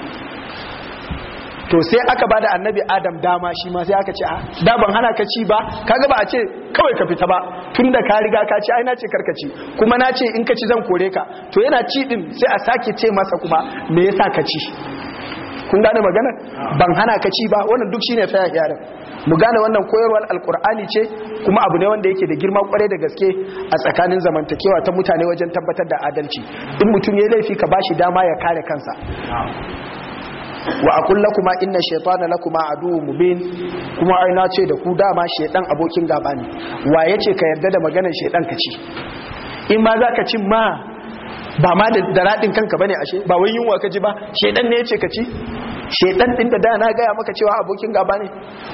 to sai aka bada annabi adam dama shi ma sai aka ce a ah, da ban hana ka ci ba kaga ba a ce kawai ka fita ba tunda ka riga ka ci ai na ce karkaci kuma na ce in ka ci zan kore ka to yana ci din sai a sake ce masa kuma me yasa ka ci kun gane magana ban hana ka ci ba wannan duk shine fa yaran mu gane wannan koyarwar alkur'ani ce kuma abu ne wanda yake da girma kwarai da gaske a tsakanin zamantakewa ta mutane wajen tabbatar da adalci in mutum ya laifi ka bashi dama ya kare kansa wa aqul lakuma inna shaytana lakuma aduwwu mubin kuma ai na ce da ku dama shaydan abokin gaba ne wa yace ka yarda da maganar shaydan ka ci in ma zaka ci ma ba ma da raɗin kanka bane ashe ba wai yunwa ka ji ba shedan ne yace ka ci shedan din da na gaya maka cewa abokin gaba ne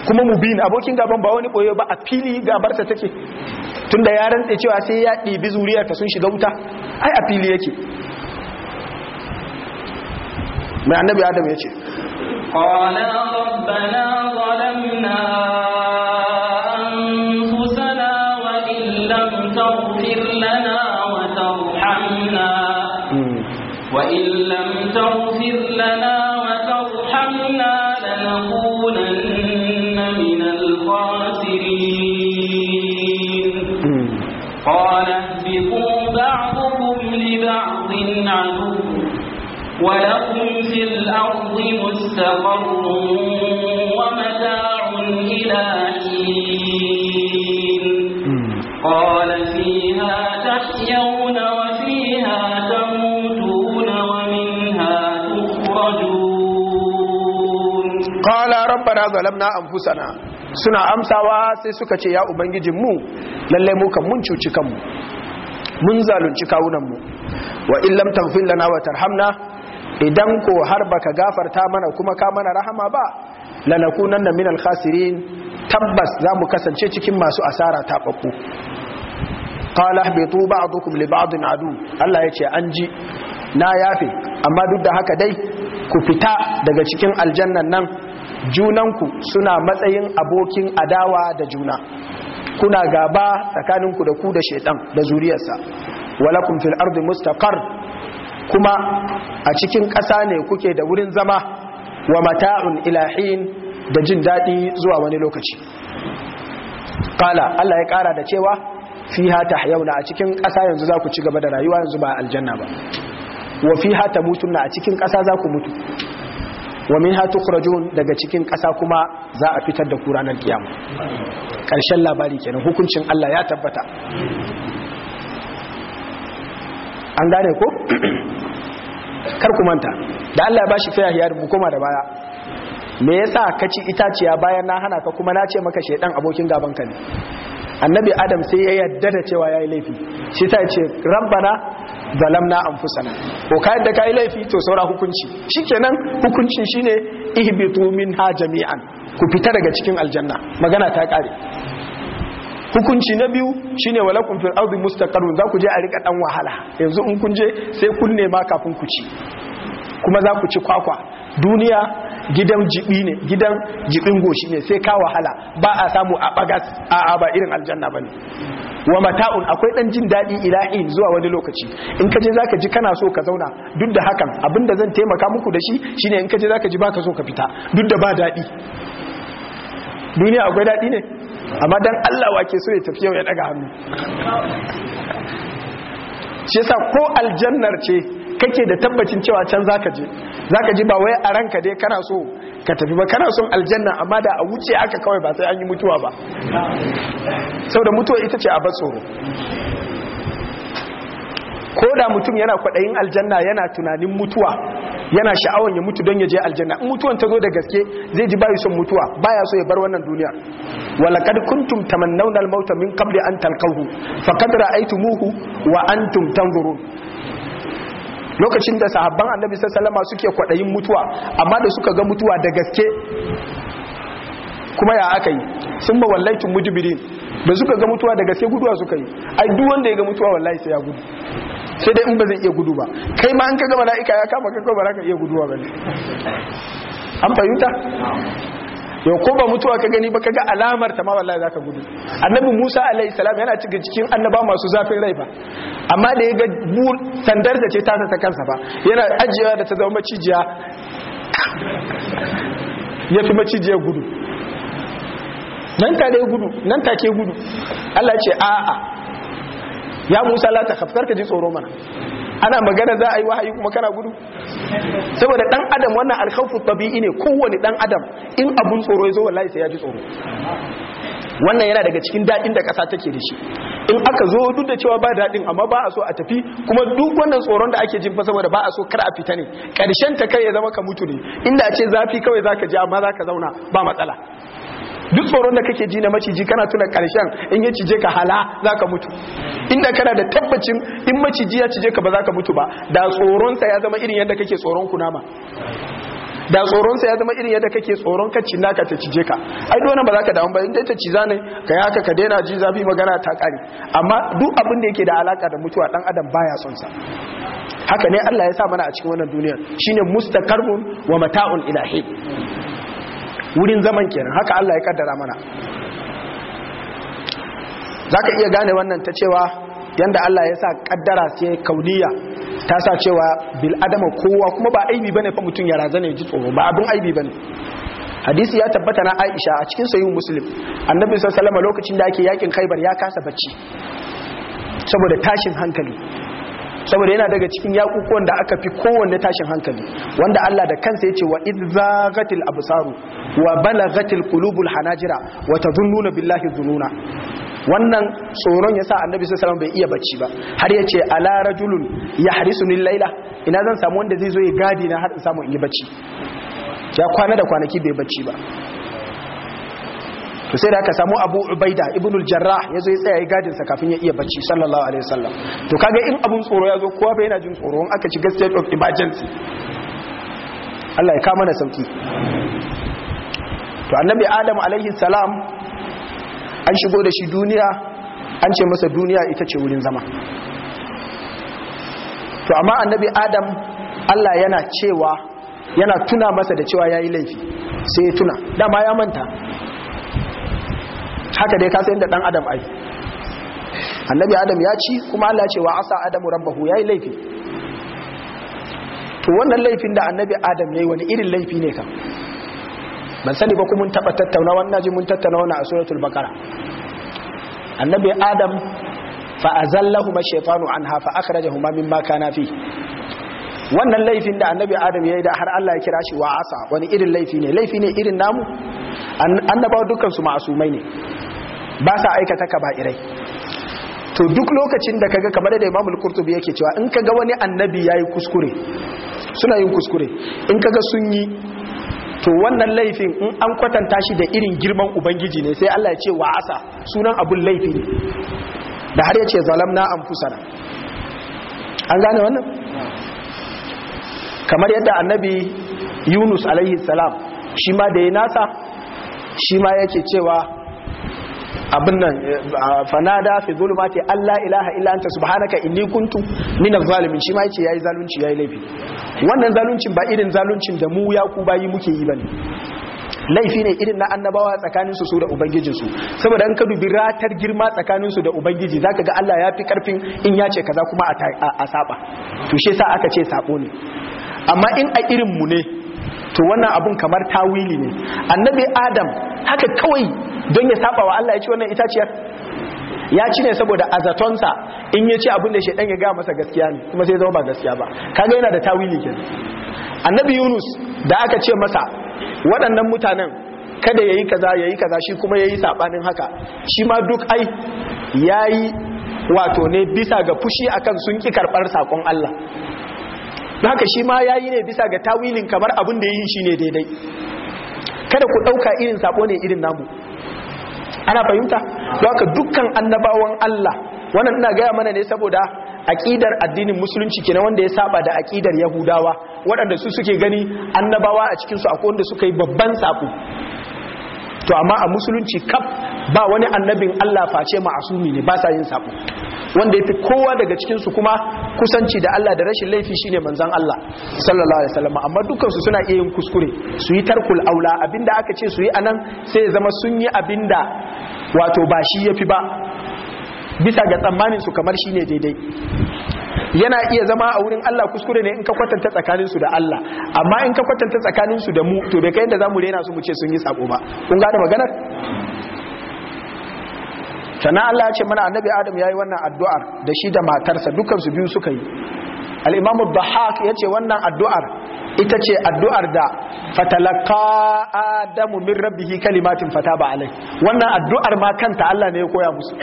kuma mubin abokin gaban ba wani koyo ba a fili gabar ta take tunda ya rantse cewa sai ya ɗibi zuriyar ta sun shiga wuta ai a fili yake mai annabi adam yace qala rabbana وإن لم تغفر لنا وترحمنا لنكونن من الخاسرين قال اهبطوا بعضكم لبعض عدو ولكم في الأرض مستقر ومتاع إلى حين قال فيها تحيون rabbana zalamna anfusana suna amsawa sai suka ce ya ubangijin mu lalle mu kan mun cuci kanmu mun zalunci kawunan mu wa illam taghfir lana wa tarhamna idan ko har baka gafarta mana kuma ka mana rahama ba lanakunanna minal khasirin tabbas zamu kasance cikin masu asara tababbu qala habitu ba'dukum li ba'din adu Allah yace an ji na yafe amma duk da haka dai ku fita daga cikin aljannan nan junanku suna matsayin abokin adawa da juna kuna gaba tsakaninku da ku da shaitan da zuriyarsa walakum fil ardi mustaqar kuma a cikin ƙasa ne kuke da wurin zama wa mata'un ilahin da jin daɗi zuwa wani lokaci kala Allah ya ƙara da cewa fiha tahyauna a cikin ƙasa yanzu za ku ci gaba da rayuwa yanzu ba aljanna ba wa fiha tamutunna a cikin ƙasa za ku mutu wa min ha tukhrajun daga cikin kasa kuma za a fitar da ku ranar kiyama ƙarshen labari kenan hukuncin Allah ya tabbata an gane ko kar ku manta da Allah ya bashi fiya ya rubu koma da baya me yasa ka ci itaciya bayan na hana ka kuma na ce maka shedan abokin gaban ka ne annabi adam sai ya yadda da cewa ya yi laifi shi ta ce rabbana zalamna fusana ko ka yadda laifi to saura hukunci shi kenan hukuncin shine min ha jami'an ku fita daga cikin aljanna magana ta kare hukunci na biyu shine Walakun fil ardi mustaqarrun za ku je a rika dan wahala yanzu in kun je sai kunne ma kafin ku ci kuma za ku ci kwakwa duniya gidan jibi ne gidan jibin goshi ne sai ka wahala ba a samu a bagas a ba irin aljanna ba ne. wa mata'un akwai dan jin dadi ila'in zuwa wani lokaci in ka je zaka ji kana so ka zauna duk da hakan abinda zan taimaka muku da shi shine in ka je zaka ji baka so ka fita duk da ba dadi duniya akwai daɗi ne amma dan Allah wake so ya tafi yau ya daga hannu shi yasa ko aljannar ce kake da tabbacin cewa can zaka je zaka je ba wai a ranka dai kana so ka tafi ba kana son aljanna amma da a wuce aka kawai ba sai an yi mutuwa ba saboda mutuwa ita ce a batsoro ko da mutum yana kwaɗayin aljanna yana tunanin mutuwa yana sha'awar ya mutu don ya je aljanna in mutuwan ta zo da gaske zai ji bayi son mutuwa baya so ya bar wannan duniya walakad kuntum tamannawnal al-mauta min qabli an talqahu faqad ra'aytumuhu wa antum tanzurun lokacin da sahabban annabi sallama suke kwaɗayin mutuwa amma da suka ga mutuwa da gaske kuma ya aka yi sun ba wallaitun mujibirin da suka ga mutuwa da gaske guduwa suka yi ai duk wanda ya ga mutuwa wallahi sai ya gudu sai dai in ba zai iya gudu ba kai ma an ka ga mala'ika ya kama kai ba za ka iya guduwa ba ne an fahimta yau ko ba mutuwa ka gani ba ga alamar ta ma wallahi zaka gudu annabi Musa alaihi salam yana cika cikin annaba masu zafin rai ba amma da ya ga sandar da ce ta ta kansa ba yana ajiyewa da ta zama macijiya ya fi macijiya gudu nan ta dai gudu nan take gudu Allah ce a'a ya Musa la ta ka ji tsoro mana ana magana za a yi wahayi kuma kana gudu saboda dan adam wannan alkhawfu tabi'i ne kowane dan adam in abun tsoro ya zo wallahi sai ya ji tsoro wannan yana daga cikin dadin da kasa take da shi in aka zo duk da cewa ba dadin amma ba a so a tafi kuma duk wannan tsoron da ake jin fa saboda ba a so kar a fita ne karshen ta kai ya zama ka mutu ne inda a ce zafi kawai zaka ji amma zaka zauna ba matsala duk tsoron da kake ji na maciji kana tuna karshen in ya cije ka hala za ka mutu inda kana da tabbacin in maciji ya cije ka ba za ka mutu ba da tsoronsa ya zama irin yadda kake tsoron kunama da tsoronsa ya zama irin yadda kake tsoron kacci naka ta cije ka ai dole ba za ka dawo ba in dai ta ciza ne ka yi haka ka daina ji zafi magana ta kare amma duk abin da yake da alaka da mutuwa dan adam baya son sa haka ne Allah ya sa mana a cikin wannan duniyar shine mustaqarrun wa mata'un ilahi wurin zaman kenan haka Allah ya kaddara mana zaka iya gane wannan ta cewa yanda Allah ya sa kaddara sai kauniya ta sa cewa bil adama kowa kuma ba aibi bane fa mutun ya razana ya ji tsoro ba abun aibi bane hadisi ya tabbata na Aisha a cikin sahihu Muslim annabi sallallahu alaihi wasallam lokacin da ake yakin Khaibar ya kasa bacci saboda tashin hankali saboda yana daga cikin yakukuwan da aka fi kowanne tashin hankali wanda Allah da kansa ya ce wa idzaqatil absaru wa kulubul qulubul hanajira wa tadhunnuna billahi dhununa wannan tsoron yasa annabi sallallahu alaihi bai iya bacci ba har yace ala rajulun yahrisuni laila ina zan samu wanda zai zo ya gadi na har in samu in yi bacci ya kwana da kwanaki bai bacci ba to sai da aka samu abu ubaida ibn al-jarrah ya zo ya tsaya ya gadin sa kafin ya iya bacci sallallahu alaihi wasallam to kaga in abun tsoro ya zo kowa bai yana jin tsoro aka shiga state of emergency Allah ya kama na sauki to annabi adam alaihi salam an shigo da shi duniya an ce masa duniya ita ce wurin zama to amma annabi adam Allah yana cewa yana tuna masa da cewa yayi laifi sai ya tuna dama ya manta haka dai ka san da dan adam ai annabi adam ya ci kuma Allah ya ce wa asa adamu rabbahu yayi laifi to wannan laifin da annabi adam yayi wani irin laifi ne ka ban sani ba kuma mun taba tattauna wannan ji mun tattauna wannan a suratul baqara annabi adam fa azallahuma shaytanu anha fa akhrajahuma mimma kana fi wannan laifin da annabi adam yayi da har Allah ya kira shi wa asa wani irin laifi ne laifi ne irin namu annabawa dukkan su ma'asumai ne ba sa aikata irai to duk lokacin da kaga kamar da Imam Al-Qurtubi yake cewa in kaga wani annabi yayi kuskure suna yin kuskure in kaga sun yi to wannan laifin in an kwatanta shi da irin girman ubangiji ne sai Allah ya ce wa'asa sunan abun laifi ne da har ya ce zalamna anfusana an gane wannan kamar yadda annabi Yunus alaihi salam shi ma da ya nasa shi ma yake cewa abin nan eh, fanada fi zulumati Allah ilaha illa anta subhanaka inni kuntu minaz zalimin shi ma yace yayi zalunci yayi laifi wannan zaluncin ba irin zaluncin da mu ya ku bayi muke yi bane laifi ne irin na annabawa tsakaninsu su da ubangijinsu saboda in ka dubi ratar girma tsakaninsu da ubangiji zaka ga Allah ya fi karfin in ya ce kaza kuma a saba to shi yasa aka ce sabo ne amma in a irin mu ne to wannan abun kamar tawili ne annabi adam haka kawai don ya saba wa Allah ya ci wannan itaciyar ya ci ne saboda azatonsa in ya ci abin da shaidan ya ga masa gaskiya ne kuma sai zama ba gaskiya ba kaga yana da tawili ke annabi yunus da aka ce masa waɗannan mutanen kada yayi kaza yayi kaza shi kuma yayi sabanin haka shi ma duk ai yayi wato ne bisa ga fushi akan sun ki karbar sakon Allah haka shi ma ya yi ne bisa ga tawilin kamar abin da yi shi ne daidai kada ku ɗauka irin sabo ne irin namu ana fahimta ba haka dukkan annabawan Allah wannan ina gaya mana ne saboda aƙidar addinin musulunci kenan wanda ya saba da aƙidar yahudawa waɗanda su suke gani annabawa a cikinsu akwai wanda suka yi babban sako to amma a musulunci kaf ba wani annabin Allah face ma'asumi ne ba sa yin sako. wanda yafi kowa daga cikin su kuma kusanci da Allah da rashin laifi shine manzon Allah sallallahu alaihi wasallam amma dukkan suna iya yin kuskure su yi tarkul aula abinda aka ce su yi anan sai ya zama sun yi abinda wato ba shi yafi ba bisa ga tsammanin su kamar shine daidai yana iya zama a wurin Allah kuskure ne in ka kwatanta tsakaninsu da Allah amma in ka kwatanta tsakanin su da mu to bai kai inda zamu rena su mu ce sun yi sako ba kun gane maganar sannan Allah ya ce mana annabi Adam yi wannan addu'ar da shi da matarsa dukansu biyu suka yi al Bahak ya ce wannan addu'ar ita ce addu'ar da fatalaqa Adamu min rabbih kalimatin ba alai wannan addu'ar ma kanta Allah ne ya koya musu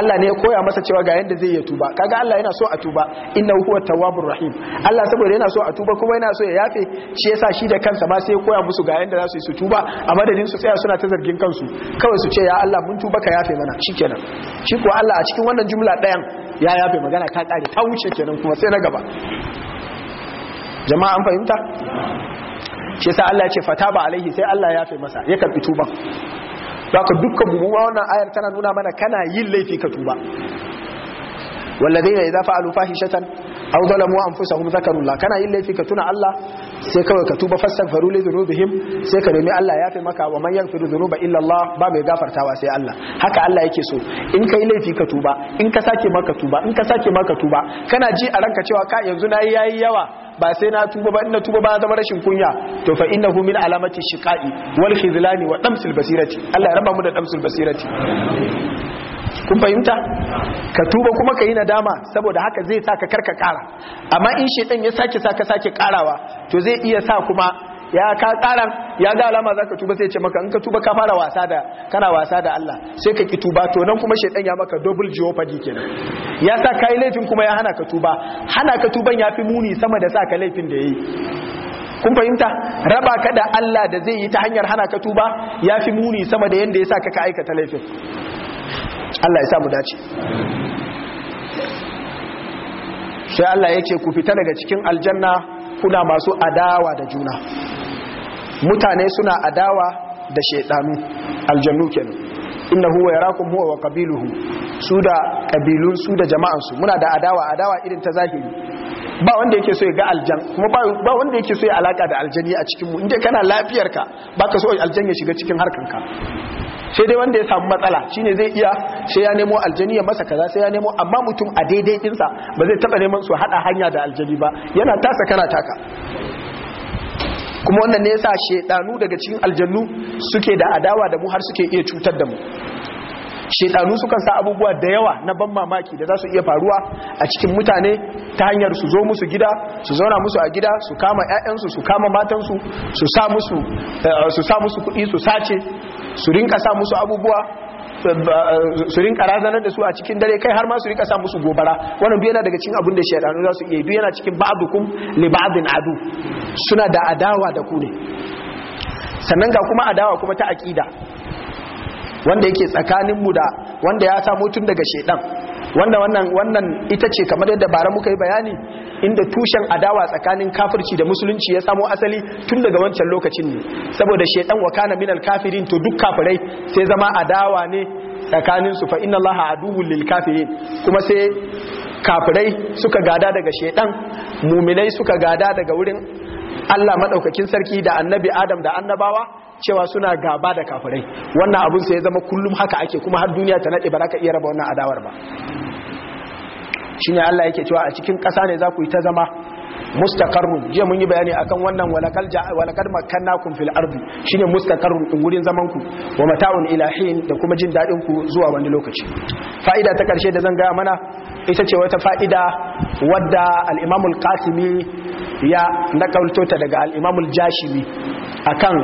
Allah ne ya koya masa cewa ga yanda zai yi tuba kaga Allah yana so a tuba inna huwa tawwabur rahim Allah saboda yana so a tuba kuma yana so ya yafe shi yasa shi da kansa ba sai ya koya musu ga yanda za su yi su tuba a madadin su tsaya suna ta zargin kansu kawai su ce ya Allah mun tuba ka yafe mana shikenan shi ko Allah a cikin wannan jumla ɗayan ya yafe magana ta kare ta wuce kenan kuma sai na gaba jama'a an fahimta shi yasa Allah ya ce fataba alaihi sai Allah ya yafe masa ya karbi tuban saka dukkan mu wannan ayar tana nuna mana kana yin laifi ka tuba ne idza fa'alu fahishatan aw zalamu anfusahum zakarullah kana yin laifi ka tuna Allah sai kawai ka tuba fastaghfiru li dhunubihim sai ka nemi Allah ya fi maka wa man yaghfiru dhunuba illa Allah ba mai gafartawa sai Allah haka Allah yake so in kai laifi ka tuba in ka sake maka tuba in ka sake maka tuba kana ji a ranka cewa ka yanzu nayi yayi yawa ba sai na tuba ba ina tuba ba zama rashin kunya to fa innahu min alamati shiqai wal khizlani wa damsil basirati Allah ya raba mu da damsil basirati kun fahimta ka tuba kuma ka yi nadama saboda haka zai sa ka karka kara amma in shedan ya sake sa ka sake karawa to zai iya sa kuma ya ka karan ya ga alama za ka tuba sai ce maka in ka tuba ka fara wasa da kana wasa da Allah sai ka ki tuba to nan kuma shedan ya maka double jeopardy kenan ya sa kai laifin kuma ya hana ka tuba hana ka tuban ya fi muni sama da sa ka laifin da yayi kun fahimta raba ka da Allah da zai yi ta hanyar hana ka tuba ya fi muni sama da yanda ya sa ka ka aikata laifin Allah ya sa mu dace sai Allah ya ce ku fita daga cikin aljanna kuna masu adawa da juna mutane suna adawa da shaidanu aljannu kenan innahu wa yarakum huwa wa qabiluhu su da kabilun su da jama'ansu muna da adawa adawa irin ta zahiri ba wanda yake so ya ga aljan kuma ba wanda yake so ya alaka da aljani a cikin mu inda kana lafiyarka baka so aljan ya shiga cikin harkanka sai dai wanda ya samu matsala shine zai iya sai ya nemo aljani ya masa kaza sai ya nemo amma mutum a daidai dinsa ba zai taba neman su hada hanya da aljani ba yana tasa kana taka kuma wannan ne yasa shedanu daga cikin aljannu suke da adawa da mu har suke iya cutar da mu shekaru sukan sa abubuwa da yawa na ban mamaki da za su iya faruwa a cikin mutane ta hanyar su zo musu gida su zauna musu a gida su kama 'ya'yansu su kama matansu su sa musu eh, su kuɗi su sace su rinka sa musu abubuwa eh, su rinka razanar da su a cikin dare kai har ma su rinka sa musu gobara wannan duk yana daga cikin abin da shekaru za su iya duk yana cikin ba'dukum li ba'din adu suna da adawa da ku ne sannan ga kuma adawa kuma ta aqida wanda yake tsakaninmu da wanda ya samu tun daga shedan wanda wannan wannan ita ce kamar yadda bara muka yi bayani inda tushen adawa tsakanin kafirci da musulunci ya samo asali tun daga wancan lokacin ne saboda shedan wa kana minal kafirin to duk kafirai sai zama adawa ne tsakanin su fa inna allaha aduwwul lil kafirin kuma sai kafirai suka gada daga shedan muminai suka gada daga wurin Allah madaukakin sarki da annabi Adam da annabawa cewa suna gaba da kafirai wannan abun sai ya zama kullum haka ake kuma har duniya ta nade ba za ka iya raba wannan adawar ba shine Allah yake cewa a cikin ƙasa ne za ku yi ta zama mustaqarru je mun yi bayani akan wannan walakal walakad makannakum fil ardi shine mustaqarru din gurin zaman ku wa mata'un ilahin da kuma jin dadin ku zuwa wani lokaci fa'ida ta karshe da zan ga mana ita ce wata fa'ida wadda al-Imam al-Qasimi ya nakalto ta daga al-Imam al-Jashimi akan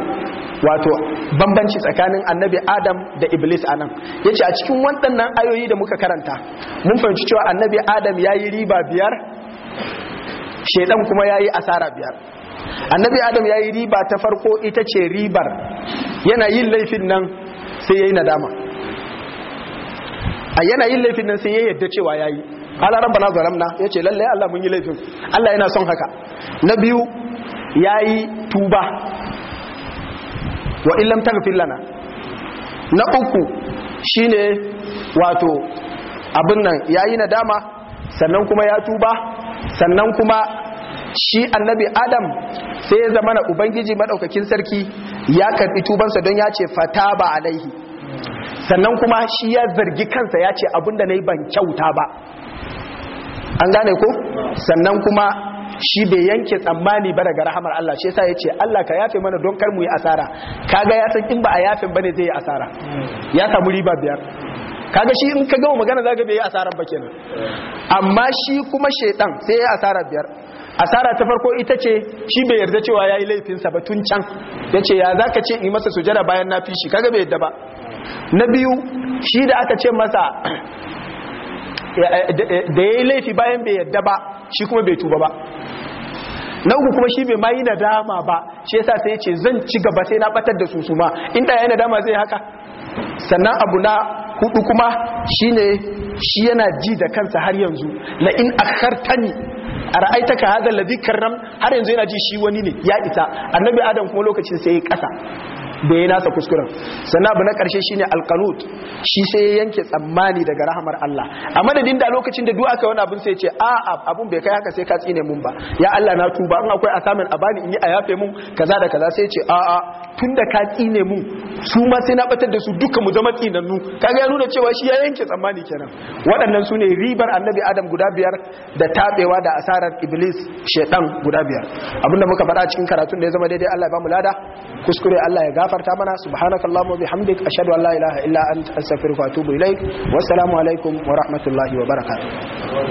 wato bambanci tsakanin annabi adam da iblis a nan ya ce a cikin waɗannan ayoyi da muka karanta mun fahimci cewa annabi adam ya yi riba biyar shaidan kuma ya yi asara biyar annabi adam ya yi riba ta farko ita ce ribar yana yin laifin nan sai ya yi nadama a yana yin laifin nan sai ya yadda cewa ya yi ala bana na zaramna ya ce lallai allah mun yi laifin allah yana son haka na biyu ya yi tuba wa illam tagfir lana na uku shine wato abin nan yayi nadama sannan kuma ya tuba sannan kuma shi annabi adam sai ya zama na ubangiji madaukakin sarki ya karbi tubansa don ya ce fata ba alaihi sannan kuma shi ya zargi kansa ya ce abinda na yi ban kyauta ba an gane ko sannan kuma shi bai yanke tsammani ba daga rahamar Allah shi yasa yace Allah ka yafe mana don kar mu yi asara kaga ya san in ba a yafe bane zai yi asara ya samu riba biyar kaga shi in ka gama magana zaka bai yi asaran ba kenan amma shi kuma shedan sai ya asara biyar asara ta farko ita ce shi bai yarda cewa yayi laifin sa ba tun can yace ya zaka ce in masa sujada bayan na fi shi kaga bai yarda ba na biyu shi da aka ce masa da yayi laifi bayan bai yarda ba shi kuma bai tuba ba na uku kuma shi bai ma yi nadama ba shi yasa sai ce zan ci gaba sai na batar da su su ma inda yana nadama zai haka sannan abu na hudu kuma shine shi yana ji da kansa har yanzu la in akhartani A ka hadha alladhi karram har yanzu yana ji shi wani ne ya isa annabi adam kuma lokacin sai ya kasa da ya nasa kuskuren sannan abu na karshe shine alqanut shi sai ya yanke tsammani daga rahamar Allah a madadin da lokacin da du'a kai wani abin sai ce a a abun bai kai haka sai ka tsine mun ba ya Allah na tuba in akwai asamin a bani in yi a yafe mun kaza da kaza sai ce a a tunda ka tsine mun su ma sai na batar da su duka mu zama tsinannu kaga ya nuna cewa shi ya yanke tsammani kenan waɗannan su ne ribar annabi adam guda biyar da tabewa da asara dabarar iblis shaidan guda biyar abinda muka faɗa cikin karatun da ya zama daidai Allah ya bamu lada kuskure Allah ya gafarta mana subhanakallahumma wa bihamdik ashhadu an la ilaha illa anta astaghfiruka wa atubu ilaik wassalamu alaikum wa rahmatullahi wa barakatuh